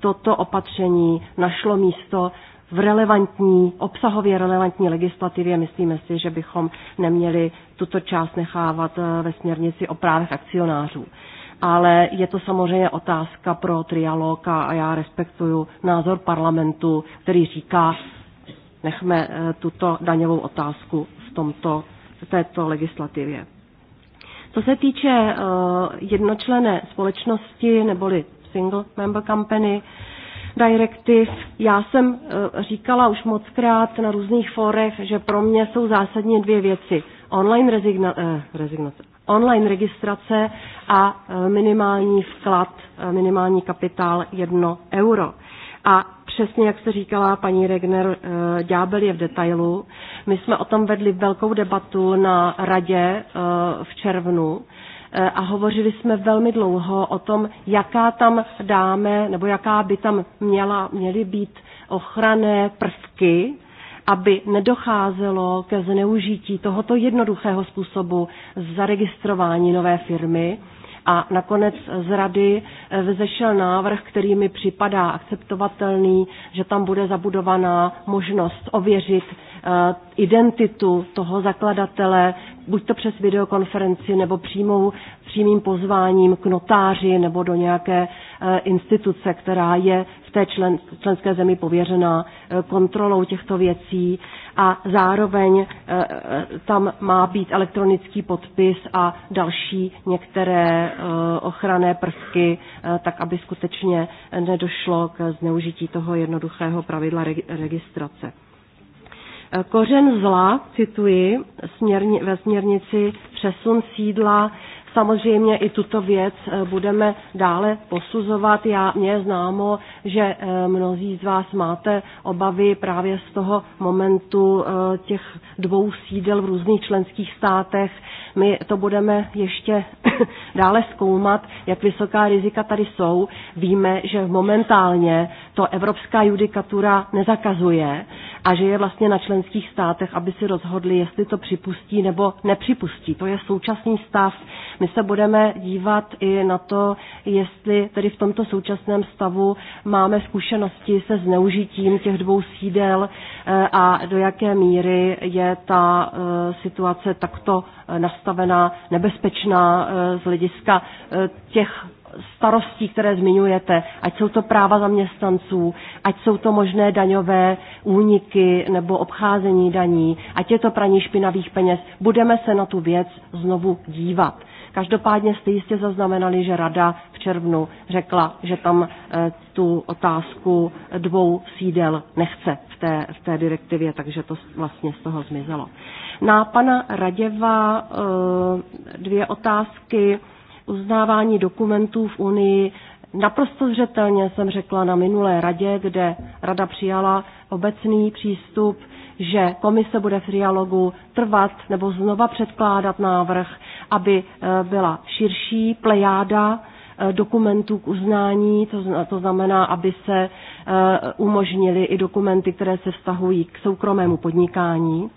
toto opatření našlo místo v relevantní, obsahově relevantní legislativě. Myslíme si, že bychom neměli tuto část nechávat eh, ve směrnici o právech akcionářů. Ale je to samozřejmě otázka pro trialog a já respektuju názor parlamentu, který říká, nechme eh, tuto daňovou otázku v tomto, v této legislativě. Co se týče eh, jednočlené společnosti neboli single member company, Directive. Já jsem eh, říkala už mockrát na různých fórech, že pro mě jsou zásadně dvě věci. Online, rezigna, eh, rezignace, online registrace a eh, minimální vklad, eh, minimální kapitál 1 euro. A přesně jak se říkala paní Regner, ďábel je v detailu. My jsme o tom vedli velkou debatu na radě v červnu Eh, a hovořili jsme velmi dlouho o tom, jaká tam dáme, nebo jaká by tam měla, měly být ochranné prvky, aby nedocházelo ke zneužití tohoto jednoduchého způsobu zaregistrování nové firmy. A nakonec z rady eh, vzešel návrh, který mi připadá akceptovatelný, že tam bude zabudovaná možnost ověřit eh, identitu toho zakladatele buď to přes videokonferenci nebo přímou, přímým pozváním k notáři nebo do nějaké eh, instituce, která je v té člen, členské zemi pověřená eh, kontrolou těchto věcí a zároveň eh, tam má být elektronický podpis a další některé ochranné prvky, tak aby skutečně nedošlo k zneužití toho jednoduchého pravidla registrace. Eh, kořen zla, cituji, směrni, ve směrnici přesun sídla, Samozřejmě i tuto věc eh, budeme dále posuzovat. Já, mě je známo, že eh, mnozí z vás máte obavy právě z toho momentu těch dvou sídel v různých členských státech. My to budeme ještě [coughs] dále zkoumat, jak vysoká rizika tady jsou. Víme, že momentálně to evropská judikatura nezakazuje a že je vlastně na členských státech, aby si rozhodli, jestli to připustí nebo nepřipustí. To je současný stav. My se budeme dívat i na to, jestli tedy v tomto současném stavu máme zkušenosti se zneužitím těch dvou sídel eh, a do jaké míry je ta eh, situace takto eh, nastavená nastavená, nebezpečná eh, z hlediska eh, těch starostí, které zmiňujete, ať jsou to práva zaměstnanců, ať jsou to možné daňové úniky nebo obcházení daní, ať je to praní špinavých peněz, budeme se na tu věc znovu dívat. Každopádně jste jistě zaznamenali, že Rada v červnu řekla, že tam eh, tu otázku dvou sídel nechce v té, v té direktivě, takže to vlastně z toho zmizelo. Na pana Raděva eh, dvě otázky uznávání dokumentů v Unii. Naprosto zřetelně jsem řekla na minulé radě, kde rada přijala obecný přístup, že komise bude v dialogu trvat nebo znova předkládat návrh, aby eh, byla širší plejáda eh, dokumentů k uznání, to znamená, aby se umožnili i dokumenty, které se vztahují k soukromému podnikání.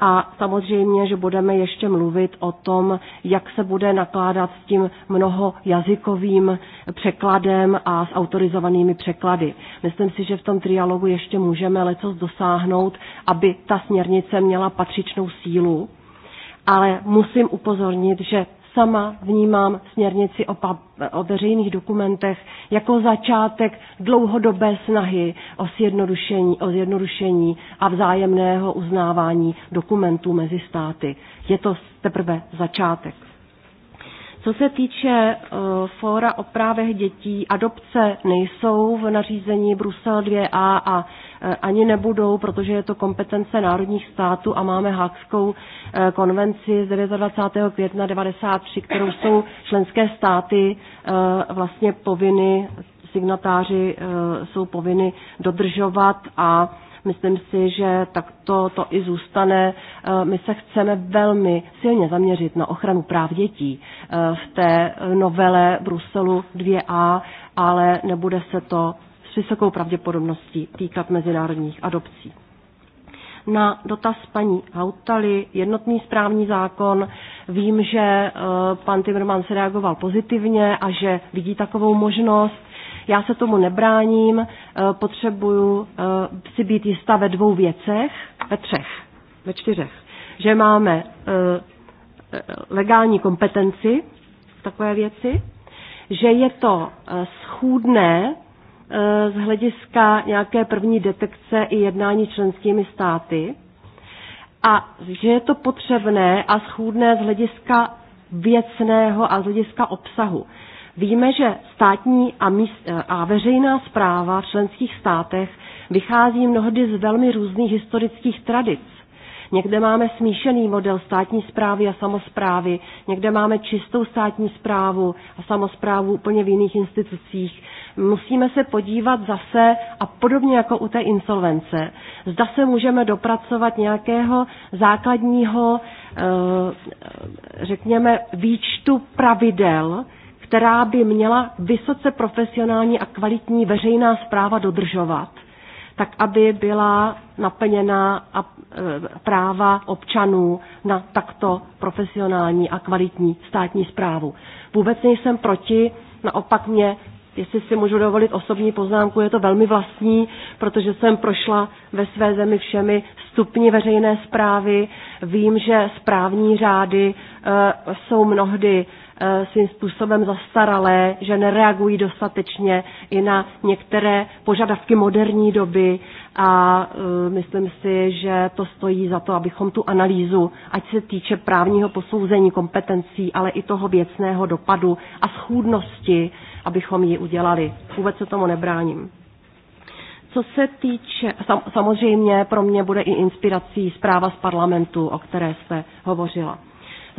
A samozřejmě, že budeme ještě mluvit o tom, jak se bude nakládat s tím mnoho jazykovým překladem a s autorizovanými překlady. Myslím si, že v tom trialogu ještě můžeme lecos dosáhnout, aby ta směrnice měla patřičnou sílu ale musím upozornit, že sama vnímám směrnici o, pap- o veřejných dokumentech jako začátek dlouhodobé snahy o zjednodušení, o zjednodušení a vzájemného uznávání dokumentů mezi státy. Je to teprve začátek. Co se týče eh, fóra o právech dětí, adopce nejsou v nařízení Brusel 2a a eh, ani nebudou, protože je to kompetence národních států a máme Hákskou eh, konvenci z 29. května 1993, kterou jsou členské státy vlastně povinny signatáři jsou povinny dodržovat a Myslím si, že takto to i zůstane. Eh, my se chceme velmi silně zaměřit na ochranu práv dětí eh, v té novele Bruselu 2a, ale nebude se to s vysokou pravděpodobností týkat mezinárodních adopcí na dotaz paní Hautali, jednotný správní zákon. Vím, že eh, pan Timmermans reagoval pozitivně a že vidí takovou možnost. Já se tomu nebráním, eh, potřebuju eh, si být jistá ve dvou věcech, ve třech, ve čtyřech. Že máme eh, legální kompetenci v takové věci, že je to schůdné z hlediska nějaké první detekce i jednání členskými státy a že je to potřebné a schůdné z hlediska věcného a z hlediska obsahu. Víme, že státní a, míst, eh, a veřejná zpráva v členských státech vychází mnohdy z velmi různých historických tradic. Někde máme smíšený model státní zprávy a samozprávy, někde máme čistou státní zprávu a samozprávu úplně v jiných institucích. Musíme se podívat zase, a podobně jako u té insolvence, zda se můžeme dopracovat nějakého základního, eh, řekněme, výčtu pravidel, která by měla vysoce profesionální a kvalitní veřejná zpráva dodržovat, tak aby byla naplněna e, práva občanů na takto profesionální a kvalitní státní zprávu. Vůbec nejsem proti, naopak mě jestli si můžu dovolit osobní poznámku, je to velmi vlastní, protože jsem prošla ve své zemi všemi stupni veřejné zprávy. Vím, že správní řády e, jsou mnohdy Eh, svým způsobem zastaralé, že nereagují dostatečně i na některé požadavky moderní doby a eh, myslím si, že to stojí za to, abychom tu analýzu, ať se týče právního posouzení kompetencí, ale i toho věcného dopadu a schůdnosti, abychom ji udělali. Vůbec se tomu nebráním. Co se týče, sam, samozřejmě pro mě bude i inspirací zpráva z parlamentu, o které jste hovořila.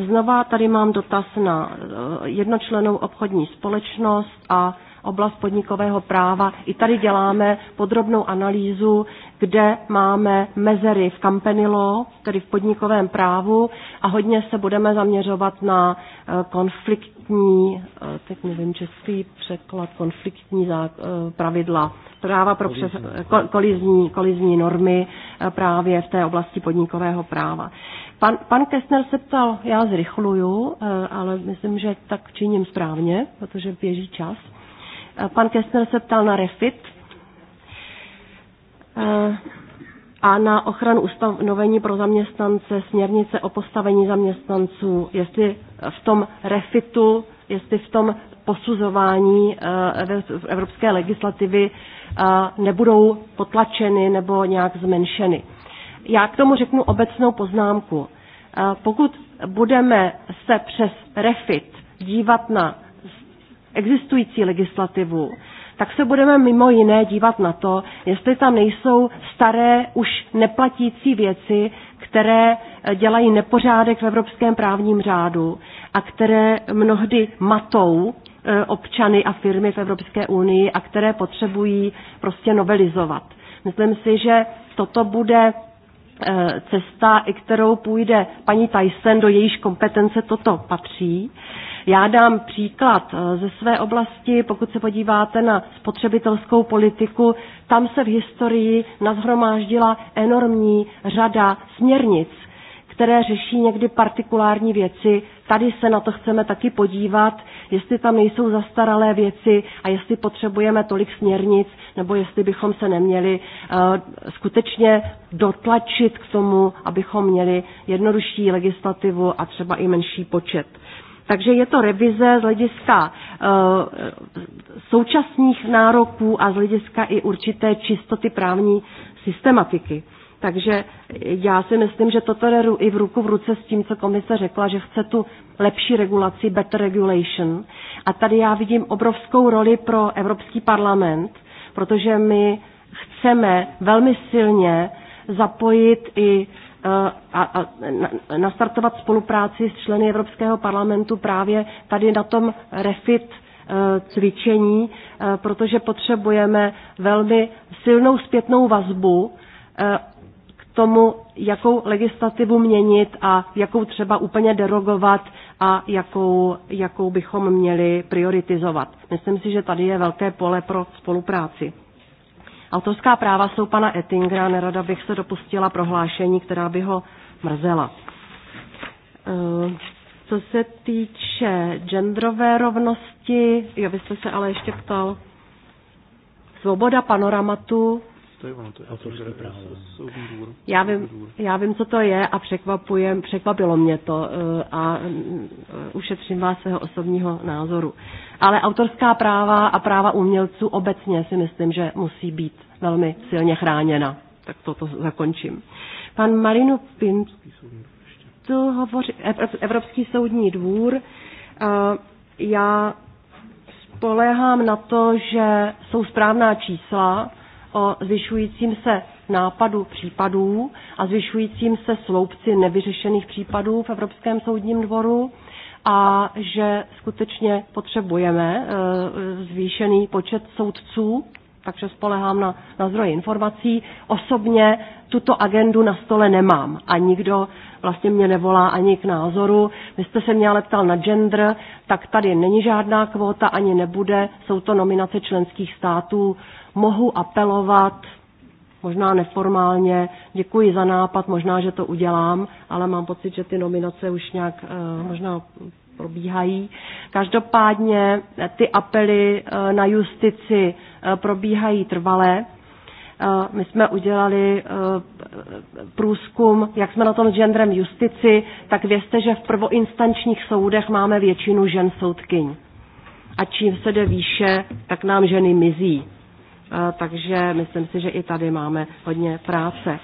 Znova tady mám dotaz na eh, jednočlenou obchodní společnost a oblast podnikového práva. I tady děláme podrobnou analýzu, kde máme mezery v company tedy v podnikovém právu a hodně se budeme zaměřovat na eh, konfliktní, eh, teď nevím český překlad, konfliktní pravidla, práva pro přes, kolizní, kolizní normy právě v té oblasti podnikového práva. Pan, pan Kestner se ptal, já zrychluju, eh, ale myslím, že tak činím správně, protože běží čas. Eh, pan Kestner se ptal na refit eh, a na ochranu ustanovení pro zaměstnance směrnice o postavení zaměstnanců, jestli v tom refitu, jestli v tom posuzování evropské legislativy nebudou potlačeny nebo nějak zmenšeny. Já k tomu řeknu obecnou poznámku. Eh, pokud budeme se přes refit dívat na existující legislativu, tak se budeme mimo jiné dívat na to, jestli tam nejsou staré, už neplatící věci, které dělají nepořádek v evropském právním řádu a které mnohdy matou eh, občany a firmy v Evropské unii a které potřebují prostě novelizovat. Myslím si, že toto bude Eh, cesta, i kterou půjde paní Tyson, do jejíž kompetence toto patří. Já dám příklad eh, ze své oblasti, pokud se podíváte na spotřebitelskou politiku, tam se v historii nazhromáždila enormní řada směrnic, které řeší někdy partikulární věci. Tady se na to chceme taky podívat, jestli tam nejsou zastaralé věci a jestli potřebujeme tolik směrnic, nebo jestli bychom se neměli uh, skutečně dotlačit k tomu, abychom měli jednodušší legislativu a třeba i menší počet. Takže je to revize z hlediska eh, současných nároků a z hlediska i určité čistoty právní systematiky. Takže já si myslím, že toto jde i v ruku v ruce s tím, co komise řekla, že chce tu lepší regulaci, better regulation. A tady já vidím obrovskou roli pro Evropský parlament, protože my chceme velmi silně zapojit i e, a, a nastartovat spolupráci s členy Evropského parlamentu právě tady na tom refit e, cvičení, e, protože potřebujeme velmi silnou zpětnou vazbu tomu, jakou legislativu měnit a jakou třeba úplně derogovat a jakou, jakou bychom měli prioritizovat. Myslím si, že tady je velké pole pro spolupráci. Autorská práva jsou pana Ettingera, nerada bych se dopustila prohlášení, která by ho mrzela. Eh, co se týče genderové rovnosti, jo, vy jste se ale ještě ptal, svoboda panoramatu, to je ono, to je autorské právo. Já vím, já vím, co to je a překvapujem, překvapilo mě to eh, a eh, ušetřím vás svého osobního názoru. Ale autorská práva a práva umělců obecně si myslím, že musí být velmi silně chráněna. Tak toto zakončím. Pan Marino Pinský tu hovoří Evropský soudní dvůr. Eh, já spolehám na to, že jsou správná čísla, o zvyšujícím se nápadu případů a zvyšujícím se sloupci nevyřešených případů v Evropském soudním dvoru a že skutečně potřebujeme e, zvýšený počet soudců, takže spolehám na, na zdroje informací. Osobně tuto agendu na stole nemám a nikdo vlastně mě nevolá ani k názoru. Vy jste se mě ale ptal na gender, tak tady není žádná kvóta, ani nebude. Jsou to nominace členských států mohu apelovat možná neformálně, děkuji za nápad, možná, že to udělám, ale mám pocit, že ty nominace už nějak eh, možná probíhají. Každopádně eh, ty apely eh, na justici probíhají trvalé. My jsme udělali průzkum, jak jsme na tom s genderem justici, tak vězte, že v prvoinstančních soudech máme většinu žen soudkyň. A čím se jde výše, tak nám ženy mizí takže myslím si, že i tady máme hodně práce.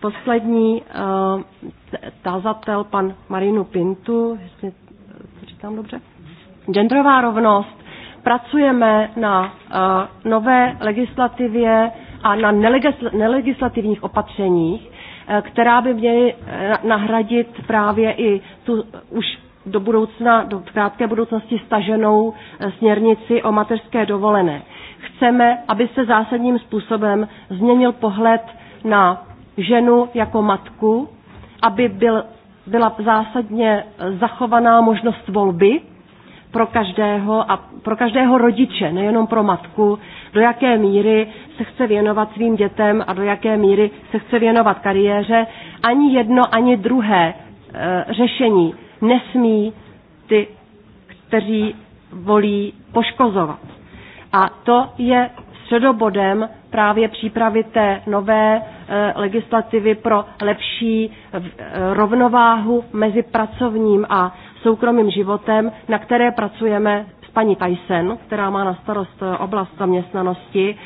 Poslední tázatel, pan Marinu Pintu, jestli to říkám dobře, genderová rovnost. Pracujeme na nové legislativě a na nelegislativních opatřeních, která by měly e, nahradit právě i tu už do budoucna, do krátké budoucnosti staženou e, směrnici o mateřské dovolené chceme, aby se zásadním způsobem změnil pohled na ženu jako matku, aby byl, byla zásadně zachovaná možnost volby pro každého a pro každého rodiče, nejenom pro matku, do jaké míry se chce věnovat svým dětem a do jaké míry se chce věnovat kariéře. Ani jedno, ani druhé e, řešení nesmí ty, kteří volí, poškozovat. A to je středobodem právě přípravy té nové eh, legislativy pro lepší eh, rovnováhu mezi pracovním a soukromým životem, na které pracujeme s paní Tyson, která má na starost eh, oblast zaměstnanosti.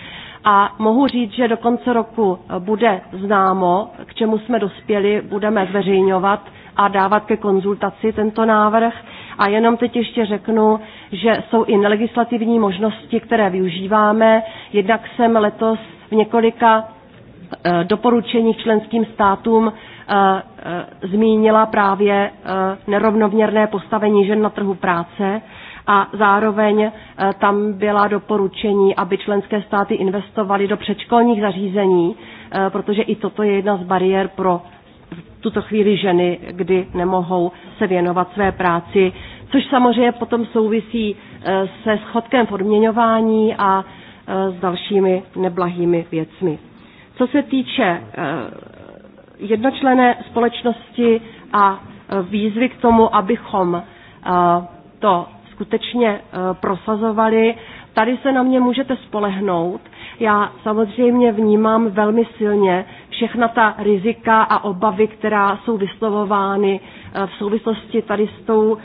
A mohu říct, že do konce roku bude známo, k čemu jsme dospěli, budeme zveřejňovat a dávat ke konzultaci tento návrh. A jenom teď ještě řeknu, že jsou i nelegislativní možnosti, které využíváme. Jednak jsem letos v několika eh, doporučení členským státům eh, eh, zmínila právě nerovnoměrné postavení žen na trhu práce a zároveň tam byla doporučení, aby členské státy investovaly do předškolních zařízení, protože i toto je jedna z bariér pro v tuto chvíli ženy, kdy nemohou se věnovat své práci což samozřejmě potom souvisí eh, se schodkem podměňování a eh, s dalšími neblahými věcmi. Co se týče eh, jednočlené společnosti a výzvy k tomu, abychom to skutečně prosazovali, tady se na mě můžete spolehnout. Já samozřejmě vnímám velmi silně všechna ta rizika a obavy, která jsou vyslovovány v souvislosti tady s tou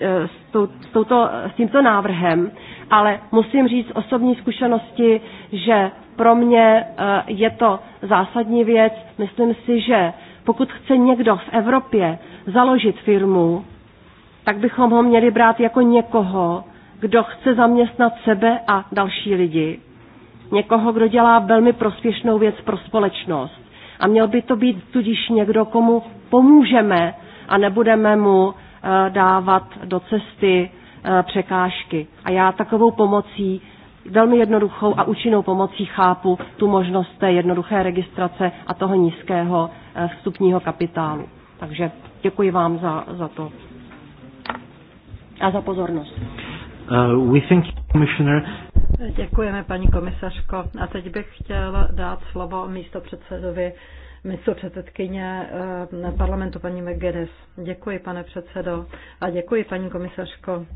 Eh, s, tou, s, touto, s tímto návrhem, ale musím říct osobní zkušenosti, že pro mě eh, je to zásadní věc. Myslím si, že pokud chce někdo v Evropě založit firmu, tak bychom ho měli brát jako někoho, kdo chce zaměstnat sebe a další lidi. Někoho, kdo dělá velmi prospěšnou věc pro společnost. A měl by to být tudíž někdo, komu pomůžeme a nebudeme mu Eh, dávat do cesty eh, překážky. A já takovou pomocí, velmi jednoduchou a účinnou pomocí chápu tu možnost té jednoduché registrace a toho nízkého eh, vstupního kapitálu. Takže děkuji vám za, za to a za pozornost. Uh, we thank you, Commissioner. Děkujeme, paní komisařko. A teď bych chtěla dát slovo místo předsedovi místo předsedkyně eh, parlamentu paní McGuinness. Děkuji, pane předsedo, a děkuji, paní komisařko.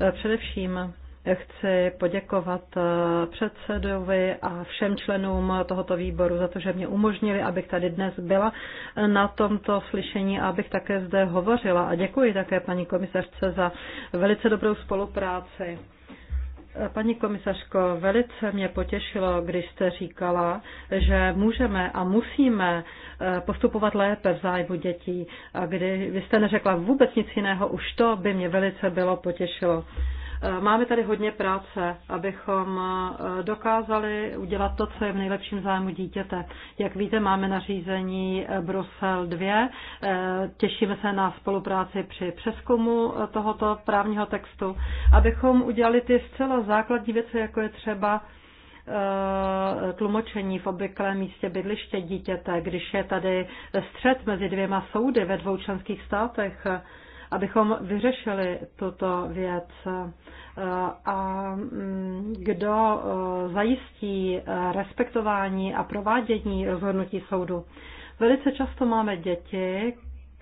Eh, především chci poděkovat eh, předsedovi a všem členům tohoto výboru za to, že mě umožnili, abych tady dnes byla na tomto slyšení a abych také zde hovořila. A děkuji také paní komisařce za velice dobrou spolupráci. Paní komisařko, velice mě potěšilo, když jste říkala, že můžeme a musíme eh, postupovat lépe v zájmu dětí. A kdy vy jste neřekla vůbec nic jiného, už to by mě velice bylo potěšilo. Eh, máme tady hodně práce, abychom eh, dokázali udělat to, co je v nejlepším zájmu dítěte. Jak víte, máme nařízení eh, Brusel 2. Těšíme se na spolupráci při přeskumu tohoto právního textu, abychom udělali ty zcela základní věci, jako je třeba tlumočení v obvyklém místě bydliště dítěte, když je tady střed mezi dvěma soudy ve dvou členských státech, abychom vyřešili tuto věc. Eh, a mm, kdo eh, zajistí eh, respektování a provádění rozhodnutí soudu? Velice často máme děti,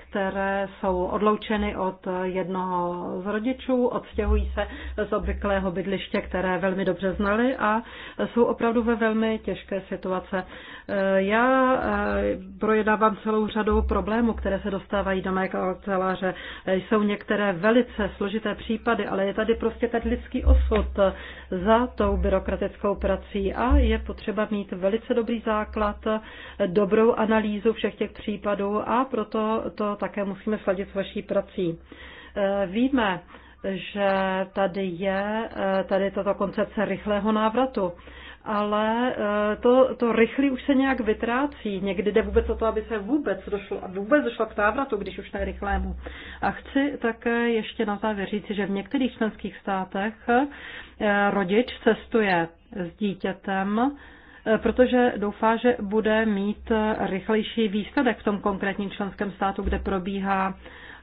které jsou odloučeny od jednoho z rodičů, odstěhují se z obvyklého bydliště, které velmi dobře znali a jsou opravdu ve velmi těžké situace. Já eh, projednávám celou řadu problémů, které se dostávají do mé kanceláře. Jsou některé velice složité případy, ale je tady prostě ten lidský osud za tou byrokratickou prací a je potřeba mít velice dobrý základ, dobrou analýzu všech těch případů a proto to také musíme sladit s vaší prací. Eh, víme, že tady je eh, tady tato koncepce rychlého návratu, ale eh, to, to rychlý už se nějak vytrácí. Někdy jde vůbec o to, aby se vůbec došlo, vůbec došlo k návratu, když už ne rychlému. A chci také ještě na závěr říci, že v některých členských státech rodič cestuje s dítětem Eh, protože doufá, že bude mít rychlejší výsledek v tom konkrétním členském státu, kde probíhá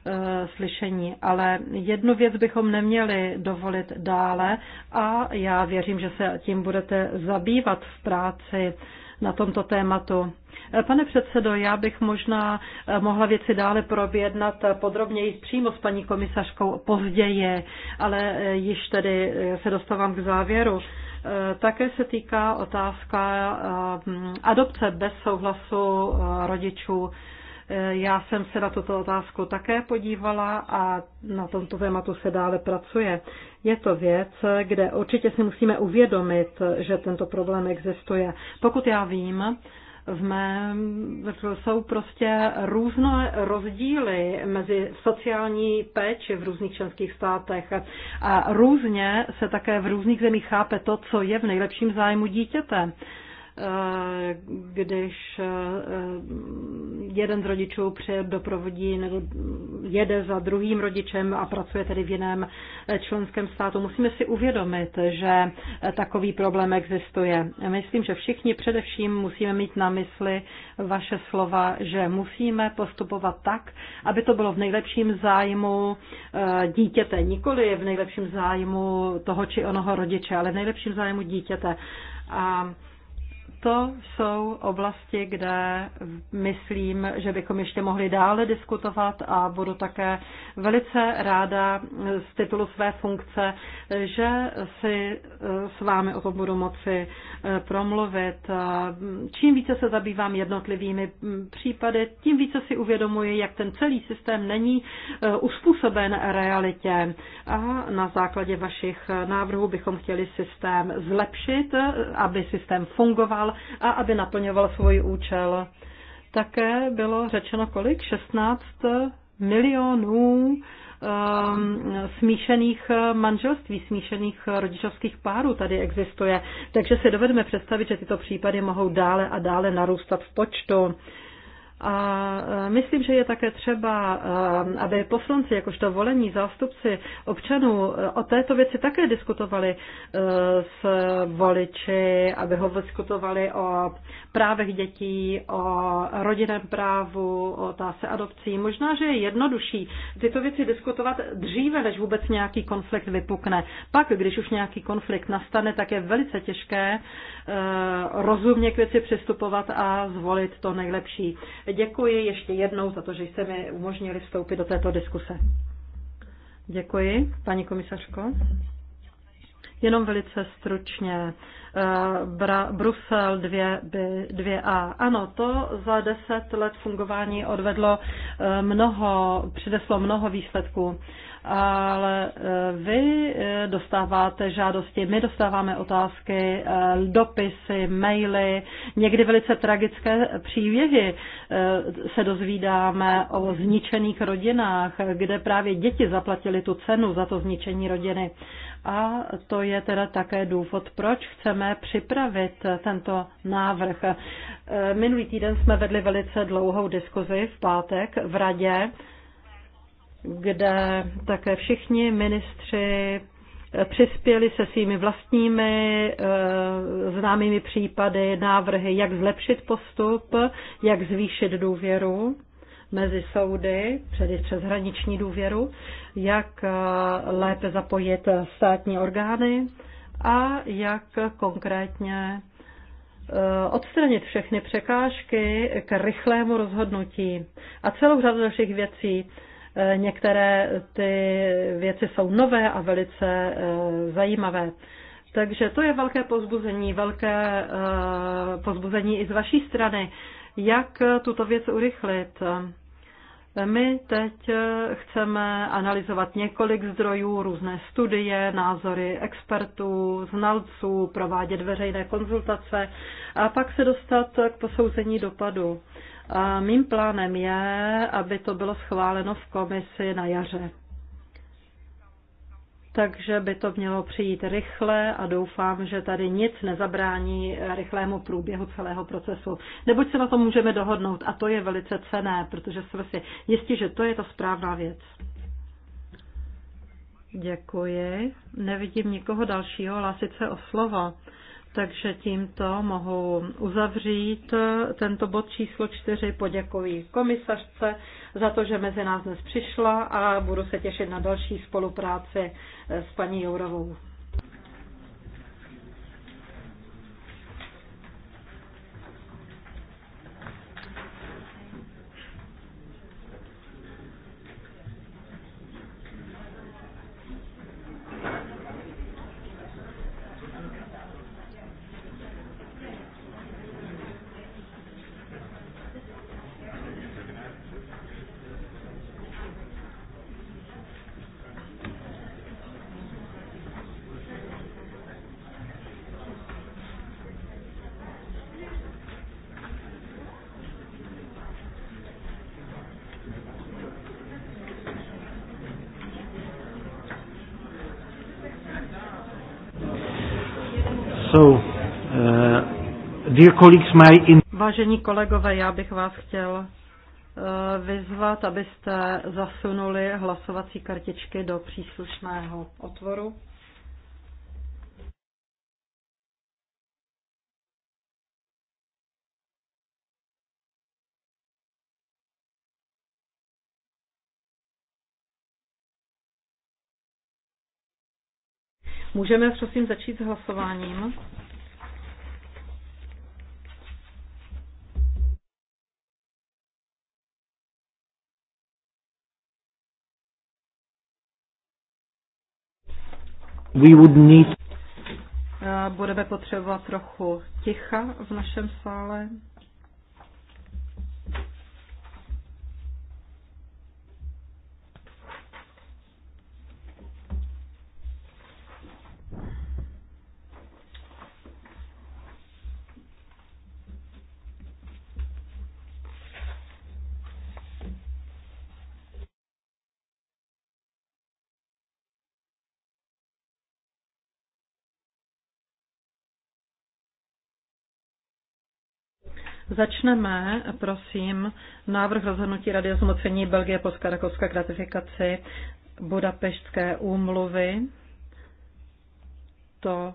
eh, slyšení. Ale jednu věc bychom neměli dovolit dále a já věřím, že se tím budete zabývat v práci na tomto tématu. Eh, pane předsedo, já bych možná mohla věci dále probědnat podrobněji přímo s paní komisařkou později, ale již tedy se dostávám k závěru. Eh, také se týká otázka eh, adopce bez souhlasu eh, rodičů. Já jsem se na tuto otázku také podívala a na tomto tématu se dále pracuje. Je to věc, kde určitě si musíme uvědomit, že tento problém existuje. Pokud já vím, v mém jsou prostě různé rozdíly mezi sociální péči v různých členských státech a různě se také v různých zemích chápe to, co je v nejlepším zájmu dítěte když eh, jeden z rodičů doprovodí nebo jede za druhým rodičem a pracuje tedy v jiném eh, členském státu. Musíme si uvědomit, že eh, takový problém existuje. Myslím, že všichni především musíme mít na mysli vaše slova, že musíme postupovat tak, aby to bylo v nejlepším zájmu dítěte, nikoli v nejlepším zájmu toho či onoho rodiče, ale v nejlepším zájmu dítěte. A to jsou oblasti, kde myslím, že bychom ještě mohli dále diskutovat a budu také velice ráda z titulu své funkce, že si eh, s vámi o tom budu moci eh, promluvit. Mm, čím více se zabývám jednotlivými mm, případy, tím více si uvědomuji, jak ten celý systém není eh, uspůsoben realitě. A na základě vašich návrhů bychom chtěli systém zlepšit, aby systém fungoval dál a aby naplňoval svůj účel. Také bylo řečeno kolik? 16 milionů ehm, smíšených manželství, smíšených rodičovských párů tady existuje. Takže si dovedeme představit, že tyto případy mohou dále a dále narůstat v počtu. A e, myslím, že je také třeba, e, aby poslanci, jakožto volení zástupci občanů, e, o této věci také diskutovali s voliči, aby ho diskutovali o právech dětí, o rodinném právu, o otázce adopcí. Možná, že je jednodušší tyto věci diskutovat dříve, než vůbec nějaký konflikt vypukne. Pak, když už nějaký konflikt nastane, tak je velice těžké rozumně k věci přistupovat a zvolit to nejlepší. Děkuji ještě jednou za to, že jste mi umožnili vstoupit do této diskuse. Děkuji, paní komisařko. Jenom velice stručně. Eh, Bra, Brusel 2, 2A. Ano, to za deset let fungování odvedlo eh, mnoho, přineslo mnoho výsledků ale eh, vy eh, dostáváte žádosti, my dostáváme otázky, eh, dopisy, maily, někdy velice tragické příběhy se dozvídáme o zničených rodinách, kde právě děti zaplatili tu cenu za to zničení rodiny. A to je teda také důvod, proč chceme připravit tento návrh. Minulý týden jsme vedli velice dlouhou diskuzi v pátek v radě kde také všichni ministři eh, přispěli se svými vlastními eh, známými případy, návrhy, jak zlepšit postup, jak zvýšit důvěru mezi soudy, předy hraniční důvěru, jak eh, lépe zapojit státní orgány a jak konkrétně odstranit všechny překážky k rychlému rozhodnutí a celou řadu dalších věcí Eh, některé ty věci jsou nové a velice eh, zajímavé. Takže to je velké pozbuzení, velké eh, pozbuzení i z vaší strany, jak tuto věc urychlit. My teď chceme analyzovat několik zdrojů, různé studie, názory expertů, znalců, provádět veřejné konzultace a pak se dostat k posouzení dopadu. A mým plánem je, aby to bylo schváleno v komisi na jaře. Takže by to mělo přijít rychle a doufám, že tady nic nezabrání rychlému průběhu celého procesu. Neboť se na to můžeme dohodnout a to je velice cené, protože jsme si jistí, že to je ta správná věc. Děkuji. Nevidím nikoho dalšího hlásit se o slovo. Takže tímto mohu uzavřít tento bod číslo čtyři. Poděkuji komisařce za to, že mezi nás dnes přišla a budu se těšit na další spolupráci s paní Jourovou. So, eh, Vážení kolegové, já bych vás chtěl eh, vyzvat, abyste zasunuli hlasovací kartičky do příslušného otvoru. Můžeme prosím začít s hlasováním. We would need... Eh, budeme potřebovat trochu ticha v našem sále. Začneme, prosím, návrh rozhodnutí Rady o zmocnění Belgie, Polska, Rakouska k ratifikaci Budapeštské úmluvy. To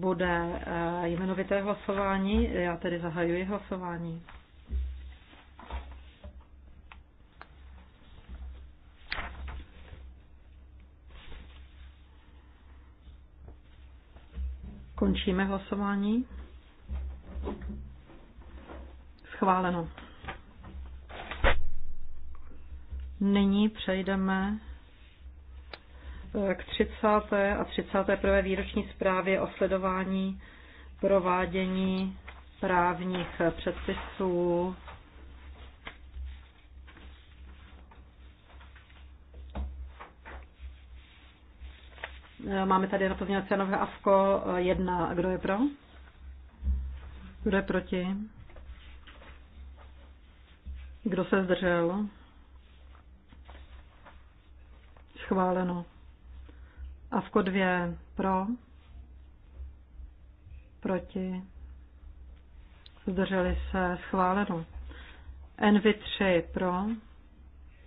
bude eh, jmenovité hlasování. Já tedy zahajuji hlasování. Končíme hlasování schváleno. Nyní přejdeme eh, k 30. a 31. výroční zprávě o sledování provádění právních předpisů eh, Máme tady na pozměňovací návrh AFKO 1. Kdo je pro? Kdo je proti? Kdo se zdržel? Schváleno. A v kodvě pro? Proti? Zdrželi se? Schváleno. NV3 pro?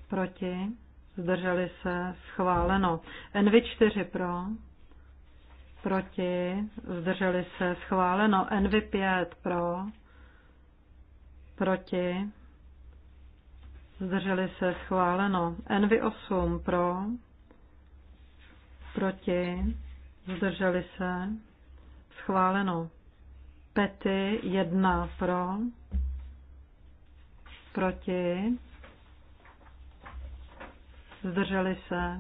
Proti? Zdrželi se? Schváleno. NV4 pro? Proti? Zdrželi se? Schváleno. NV5 pro? Proti? Zdrželi se schváleno. NV8 pro, proti, zdrželi se, schváleno. Pety 1 pro, proti, zdrželi se.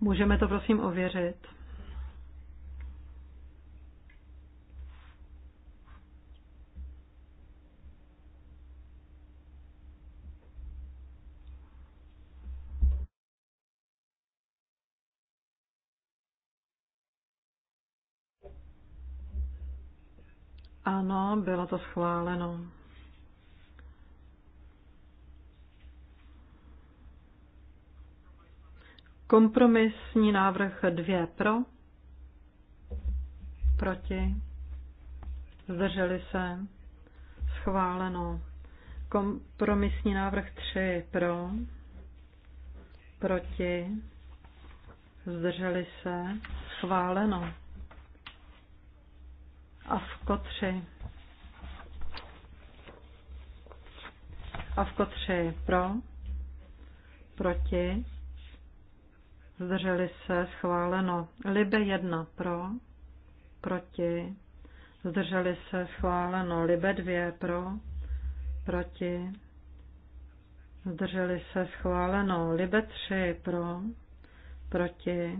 Můžeme to prosím ověřit. Ano, bylo to schváleno. Kompromisní návrh 2 pro, proti, zdrželi se, schváleno. Kompromisní návrh 3 pro, proti, zdrželi se, schváleno a v AFKO a v 3 pro, proti, zdrželi se, schváleno. Libe jedna pro, proti, zdrželi se, schváleno. Libe dvě pro, proti, zdrželi se, schváleno. Libe tři pro, proti,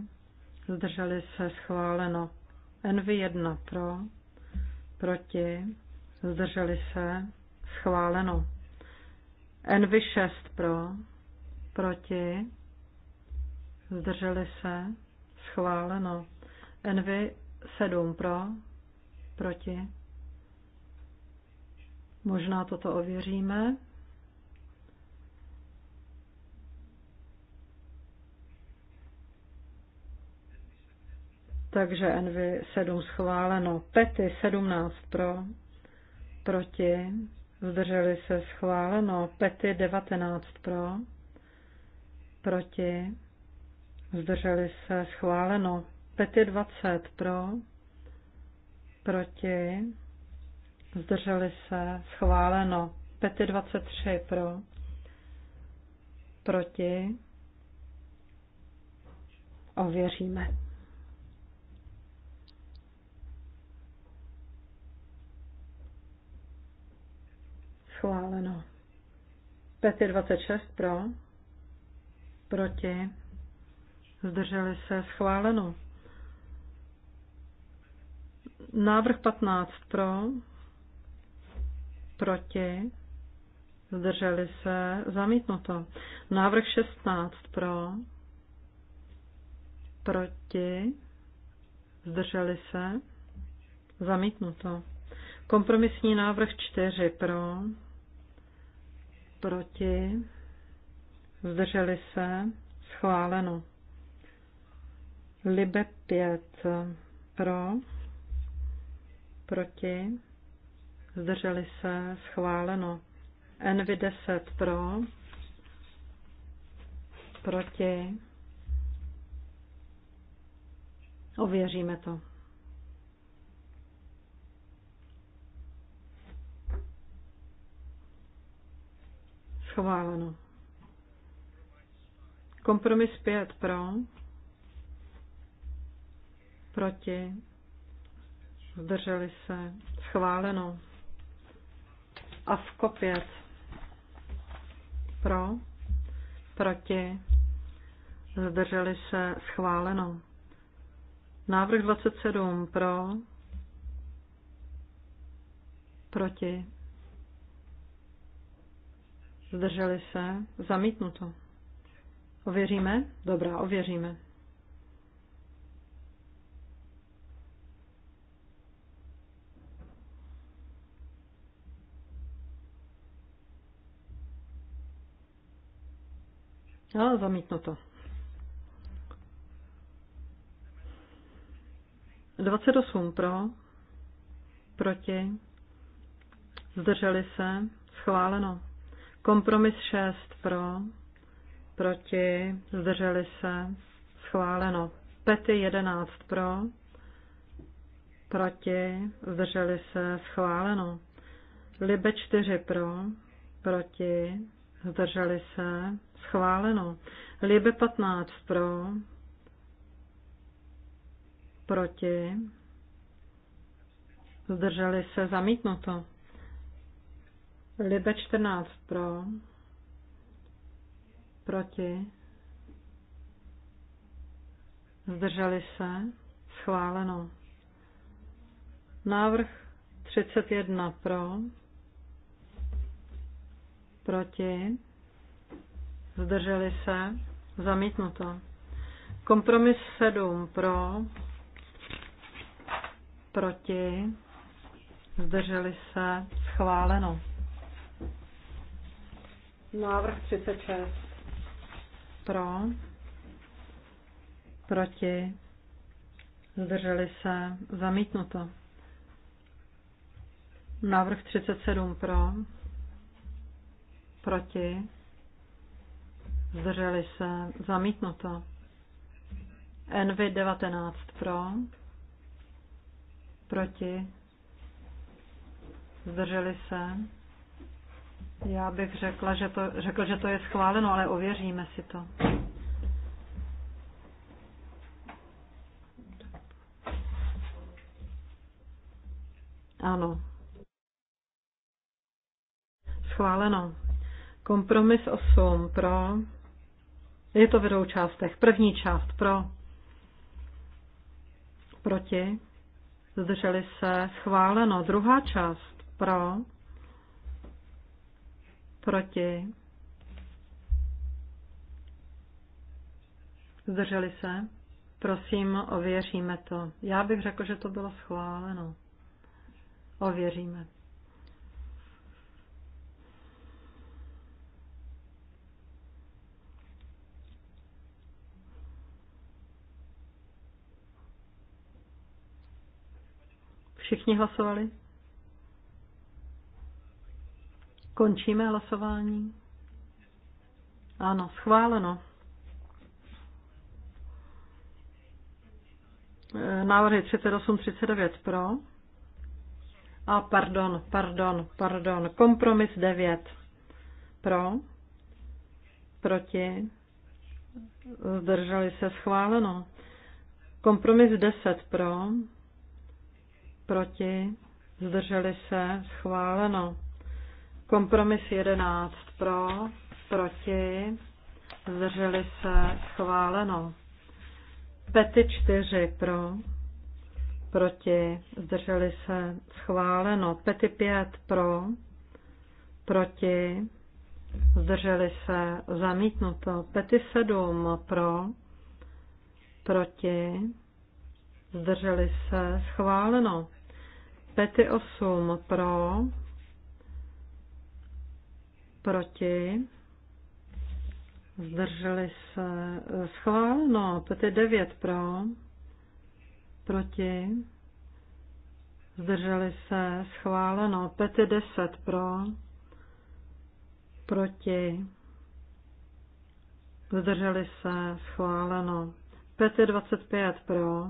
zdrželi se, schváleno. Envy jedna pro, proti, zdrželi se, schváleno. Nv 6 pro, proti, zdrželi se, schváleno. Nv 7 pro, proti. Možná toto ověříme. Takže Envy 7 schváleno. Pety 17 pro, proti, zdrželi se schváleno. Pety 19 pro, proti, zdrželi se schváleno. Pety 20 pro, proti, zdrželi se schváleno. Pety 23 pro, proti, ověříme. Schváleno. Pety 26 pro. Proti. Zdrželi se. Schváleno. Návrh 15 pro. Proti. Zdrželi se. Zamítnuto. Návrh 16 pro. Proti. Zdrželi se. Zamítnuto. Kompromisní návrh 4 pro proti, zdrželi se, schváleno. Libe 5 pro, proti, zdrželi se, schváleno. nv 10 pro, proti, ověříme to. Schváleno. Kompromis 5 pro. Proti. Zdrželi se. Schváleno. A v kopět. Pro. Proti. Zdrželi se. Schváleno. Návrh 27 pro. Proti. Zdrželi se? Zamítnuto. Ověříme? Dobrá, ověříme. No, zamítnuto. 28 pro, proti, zdrželi se, schváleno. Kompromis 6 pro, proti, zdrželi se, schváleno. Pety 11 pro, proti, zdrželi se, schváleno. Libe 4 pro, proti, zdrželi se, schváleno. Libe 15 pro, proti, zdrželi se, zamítnuto. Libe 14 pro, proti, zdrželi se, schváleno. Návrh 31 pro, proti, zdrželi se, zamítnuto. Kompromis 7 pro, proti, zdrželi se, schváleno. Návrh 36. Pro. Proti. Zdrželi se. Zamítnuto. Návrh 37 pro. Proti. Zdrželi se. Zamítnuto. NV 19 pro. Proti. Zdrželi se. Já bych řekla, že to, řekl, že to je schváleno, ale ověříme si to. Ano. Schváleno. Kompromis 8 pro. Je to ve dvou částech. První část pro. Proti. Zdrželi se. Schváleno. Druhá část pro Proti? Zdrželi se? Prosím, ověříme to. Já bych řekl, že to bylo schváleno. Ověříme. Všichni hlasovali? Končíme hlasování. Ano, schváleno. E, návrhy 38, 39 pro. A pardon, pardon, pardon. Kompromis 9 pro. Proti. Zdrželi se schváleno. Kompromis 10 pro. Proti. Zdrželi se schváleno. Kompromis 11 pro, proti, zdrželi se, schváleno. Pety 4 pro, proti, zdrželi se, schváleno. Pety 5 pro, proti, zdrželi se, zamítnuto. Pety 7 pro, proti, zdrželi se, schváleno. Pety 8 pro, proti, zdrželi se, schváleno, PT9 pro, proti, zdrželi se, schváleno, PT10 pro, proti, zdrželi se, schváleno, PT25 pro,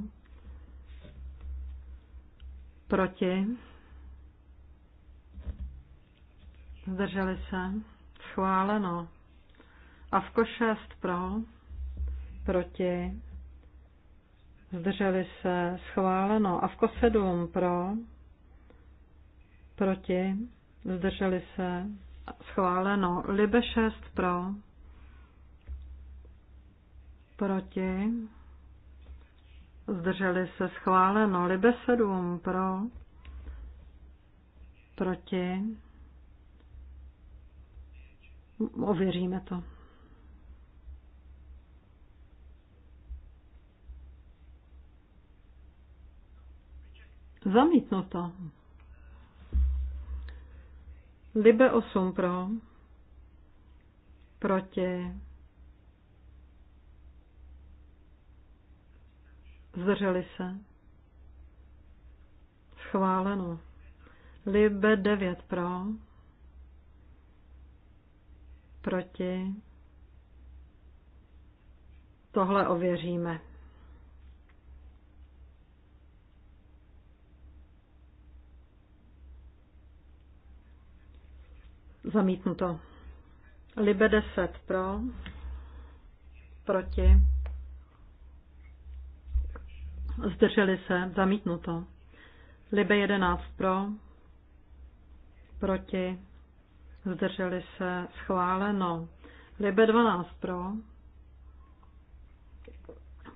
proti, Zdrželi se? Schváleno. v košest pro, proti, zdrželi se, schváleno. a v kosedům pro, proti, zdrželi se, schváleno. Libe šest pro, proti, zdrželi se, schváleno. Libe sedm pro, proti, Ověříme to. Zamítnuto. Libe 8 pro. Proti. Zdrželi se. Schváleno. Libe 9 pro proti. Tohle ověříme. Zamítnu to. Libe 10 pro, proti, zdrželi se, Zamítnu to. Libe 11 pro, proti, zdrželi se, schváleno. Libe 12 pro,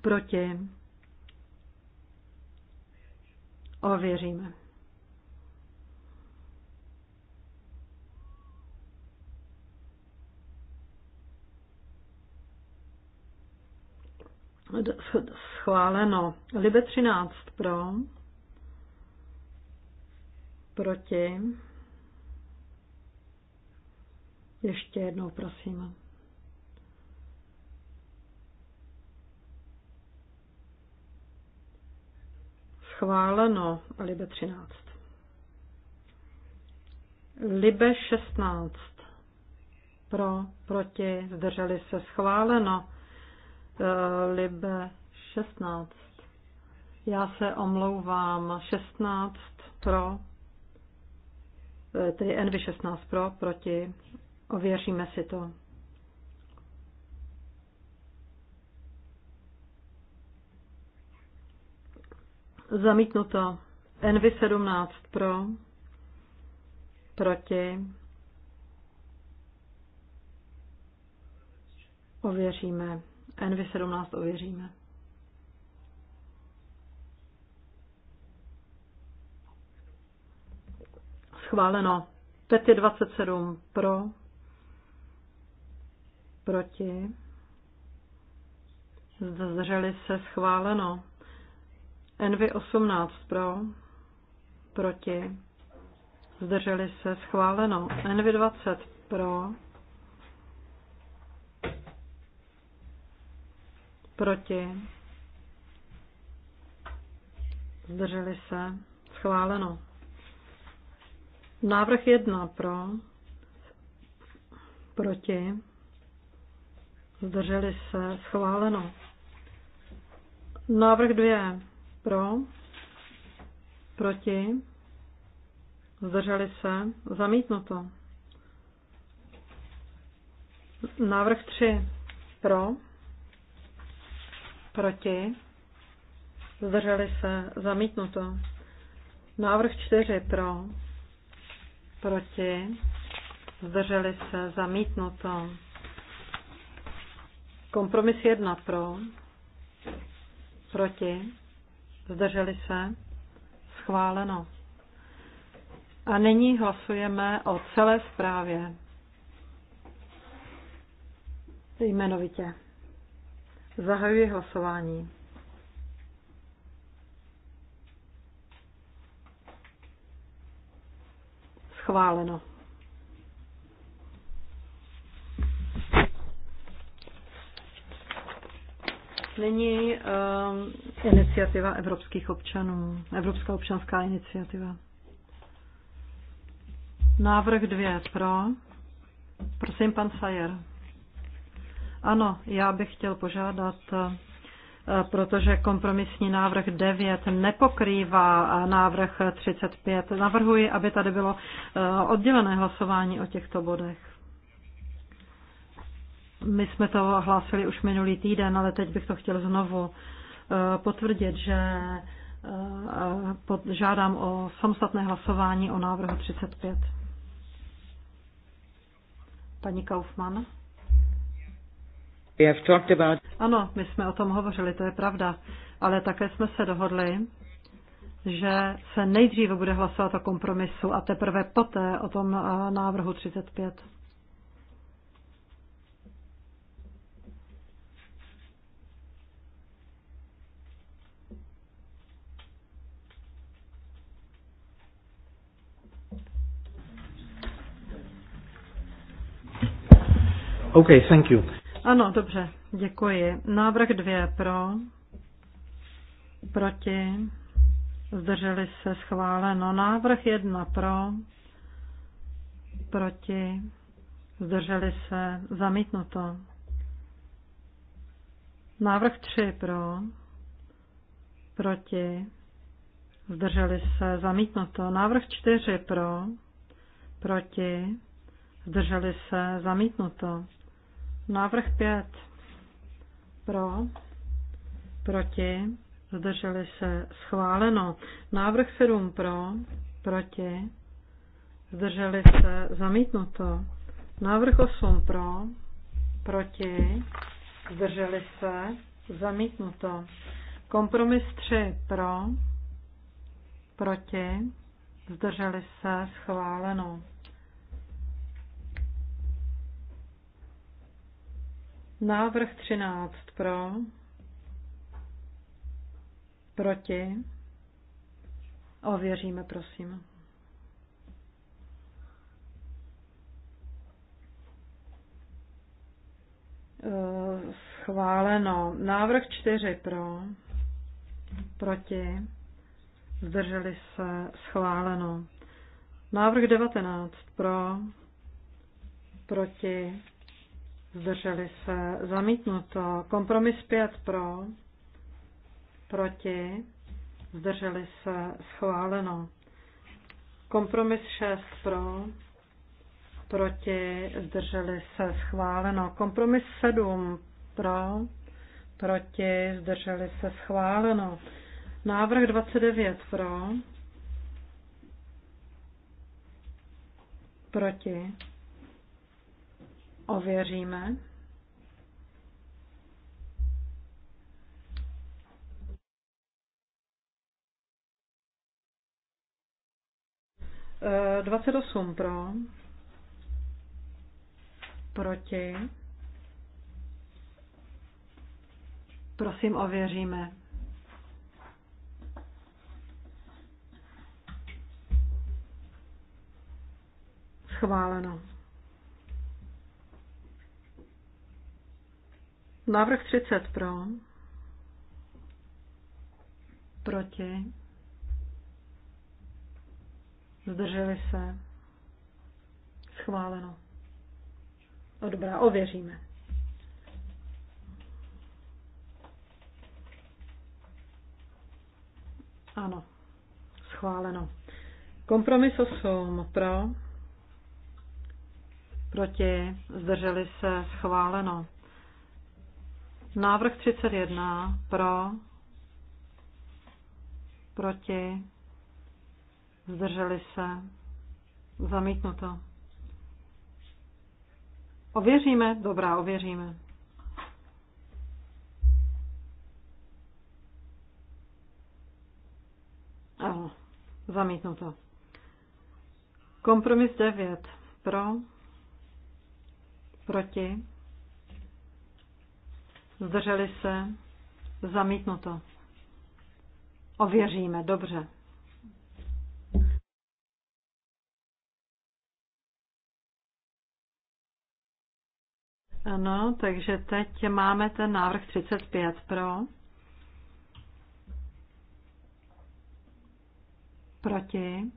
proti, ověříme. Schváleno. Libe 13 pro, proti, ještě jednou, prosím. Schváleno, Libe 13. Libe 16. Pro, proti, zdrželi se, schváleno. Eh, Libe 16. Já se omlouvám. 16 pro, eh, tedy NV16 pro, proti, Ověříme si to. Zamítnuto. nv 17 pro. Proti. Ověříme. nv 17 ověříme. Schváleno. Pety 27 pro. Proti? Zdrželi se schváleno. Envy 18 pro. Proti? Zdrželi se schváleno. Envy 20 pro. Proti? Zdrželi se schváleno. Návrh 1 pro. Proti? zdrželi se, schváleno. Návrh 2 pro, proti, zdrželi se, zamítnuto. Návrh 3 pro, proti, zdrželi se, zamítnuto. Návrh 4 pro, proti, zdrželi se, zamítnuto. Kompromis jedna pro, proti, zdrželi se, schváleno. A nyní hlasujeme o celé zprávě. Jmenovitě. Zahajuji hlasování. Schváleno. není uh, eh, iniciativa evropských občanů, Evropská občanská iniciativa. Návrh dvě pro. Prosím, pan Sajer. Ano, já bych chtěl požádat, eh, protože kompromisní návrh 9 nepokrývá eh, návrh 35. Navrhuji, aby tady bylo oddělené hlasování o těchto bodech. My jsme to hlásili už minulý týden, ale teď bych to chtěl znovu eh, potvrdit, že eh, žádám o samostatné hlasování o návrhu 35. Paní Kaufmann. Ano, my jsme o tom hovořili, to je pravda. Ale také jsme se dohodli, že se nejdříve bude hlasovat o kompromisu a teprve poté o tom eh, návrhu 35. OK, thank you. Ano, dobře, děkuji. Návrh dvě pro, proti, zdrželi se schváleno. Návrh jedna pro, proti, zdrželi se zamítnuto. Návrh tři pro, proti, zdrželi se zamítnuto. Návrh čtyři pro, proti, zdrželi se zamítnuto. Návrh 5. Pro. Proti. Zdrželi se. Schváleno. Návrh 7. Pro. Proti. Zdrželi se. Zamítnuto. Návrh 8. Pro. Proti. Zdrželi se. Zamítnuto. Kompromis 3. Pro. Proti. Zdrželi se. Schváleno. Návrh 13 pro, proti, ověříme prosím. Eh, schváleno. Návrh 4 pro, proti, zdrželi se, schváleno. Návrh 19 pro, proti, zdrželi se, zamítnuto. Kompromis 5 pro, proti, zdrželi se, schváleno. Kompromis 6 pro, proti, zdrželi se, schváleno. Kompromis 7 pro, proti, zdrželi se, schváleno. Návrh 29 pro, proti, ověříme. E, eh, 28 pro, proti. Prosím, ověříme. Schváleno. Návrh 30 pro. Proti. Zdrželi se. Schváleno. No dobrá, ověříme. Ano, schváleno. Kompromis 8 pro, proti, zdrželi se, schváleno. Návrh 31 pro, proti, zdrželi se, zamítnuto. Ověříme? Dobrá, ověříme. Ano, zamítnuto. Kompromis 9 pro, proti, Zdrželi se? Zamítnuto. Ověříme, dobře. Ano, takže teď máme ten návrh 35 pro. Proti.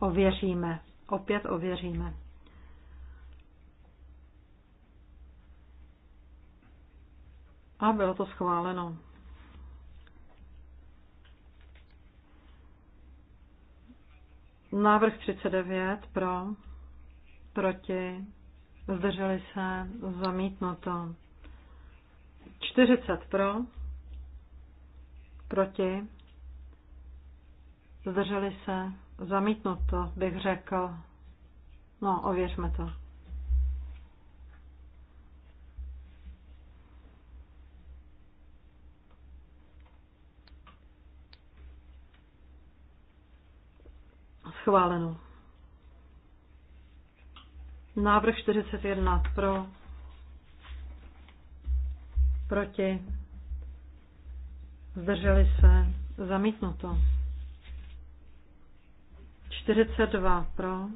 Ověříme. Opět ověříme. A bylo to schváleno. Návrh 39 pro, proti, zdrželi se, zamítnuto. 40 pro, proti, zdrželi se, zamítnuto, bych řekl. No, ověřme to. Schváleno. Návrh 41 pro, proti, zdrželi se, zamítnuto. 42 pro.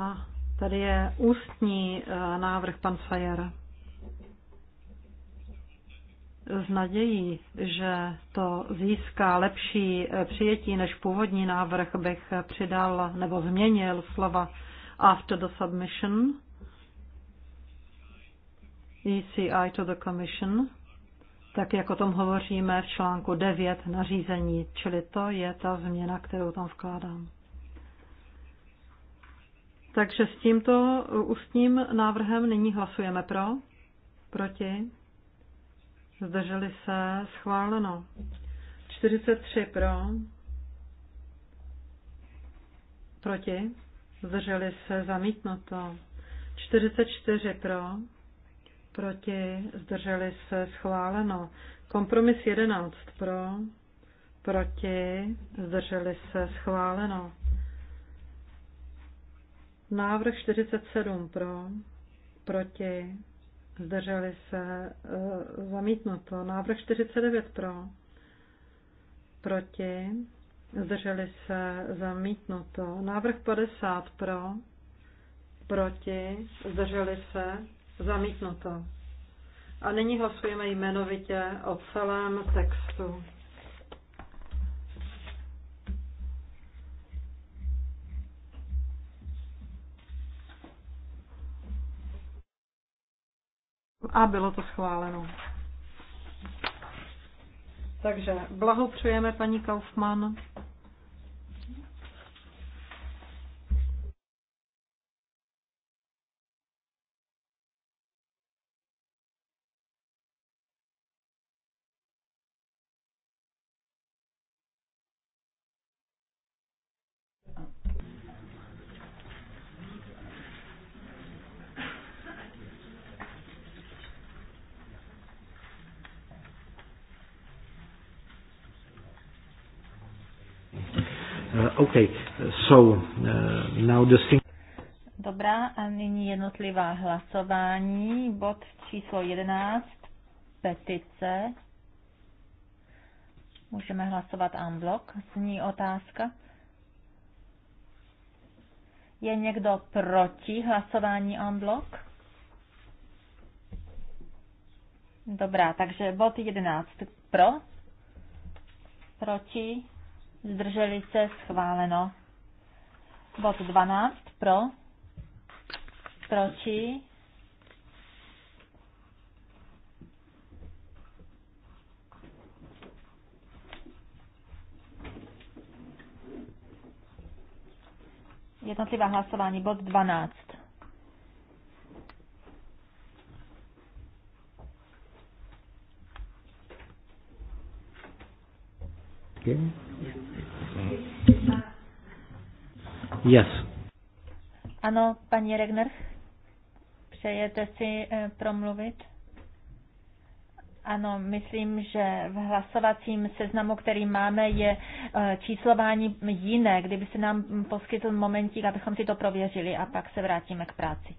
A tady je ústní eh, návrh pan Fajera s nadějí, že to získá lepší přijetí než původní návrh, bych přidal nebo změnil slova after the submission, ECI to the commission, tak jako o tom hovoříme v článku 9 nařízení, čili to je ta změna, kterou tam vkládám. Takže s tímto ústním návrhem nyní hlasujeme pro, proti, Zdrželi se? Schváleno. 43 pro. Proti? Zdrželi se? Zamítnuto. 44 pro. Proti? Zdrželi se? Schváleno. Kompromis 11 pro. Proti? Zdrželi se? Schváleno. Návrh 47 pro. Proti? Zdrželi se eh, zamítnuto. Návrh 49 pro. Proti. Zdrželi se zamítnuto. Návrh 50 pro. Proti. Zdrželi se zamítnuto. A nyní hlasujeme jmenovitě o celém textu. a bylo to schváleno. Takže blahopřejeme paní Kaufmann. Dobrá, a nyní jednotlivá hlasování. Bod číslo 11, petice. Můžeme hlasovat en bloc. Zní otázka. Je někdo proti hlasování en bloc? Dobrá, takže bod 11 pro, proti, zdrželi se, schváleno. Bod 12 pro, proti, jednotlivá hlasování, bod 12. Okay. Yes. Ano, paní Regner, přejete si eh, promluvit? Ano, myslím, že v hlasovacím seznamu, který máme, je eh, číslování jiné. Kdyby se nám poskytl momentík, abychom si to prověřili a pak se vrátíme k práci.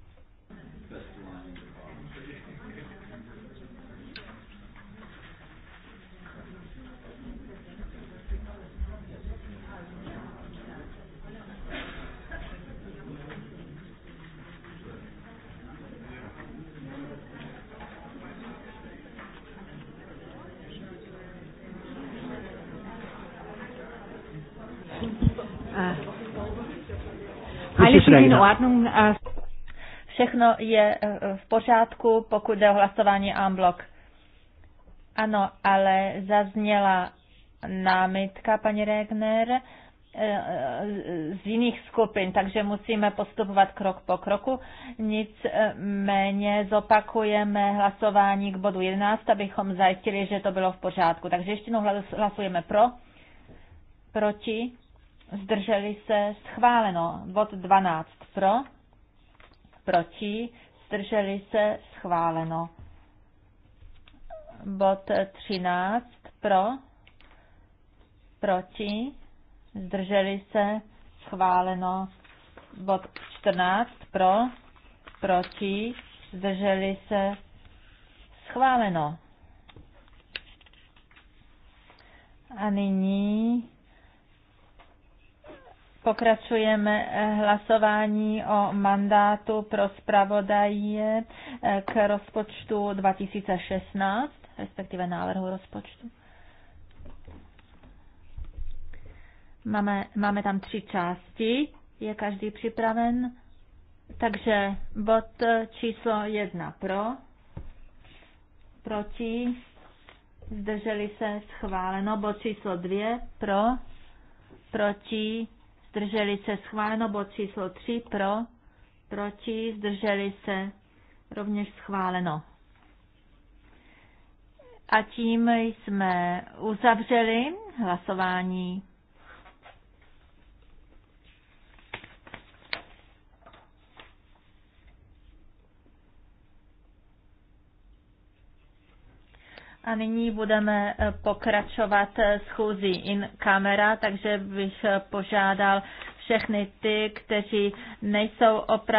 Všechno je eh, eh, v pořádku, pokud jde o hlasování en bloc. Ano, ale zazněla námitka, paní Regner, eh, z jiných skupin, takže musíme postupovat krok po kroku. Nicméně zopakujeme hlasování k bodu 11, abychom zajistili, že to bylo v pořádku. Takže ještě jednou hlasujeme pro, proti, zdrželi se, schváleno. Bod 12 pro, proti, zdrželi se, schváleno. Bod 13 pro, proti, zdrželi se, schváleno. Bod 14 pro, proti, zdrželi se, schváleno. A nyní Pokračujeme eh, hlasování o mandátu pro zpravodaje eh, k rozpočtu 2016, respektive návrhu rozpočtu. Máme, máme tam tři části. Je každý připraven? Takže bod číslo jedna pro, proti, zdrželi se schváleno, bod číslo dvě pro, proti, zdrželi se schváleno, bod číslo 3 pro, proti, zdrželi se rovněž schváleno. A tím jsme uzavřeli hlasování A nyní budeme eh, pokračovat eh, schůzí in camera, takže bych eh, požádal všechny ty, kteří nejsou opravdu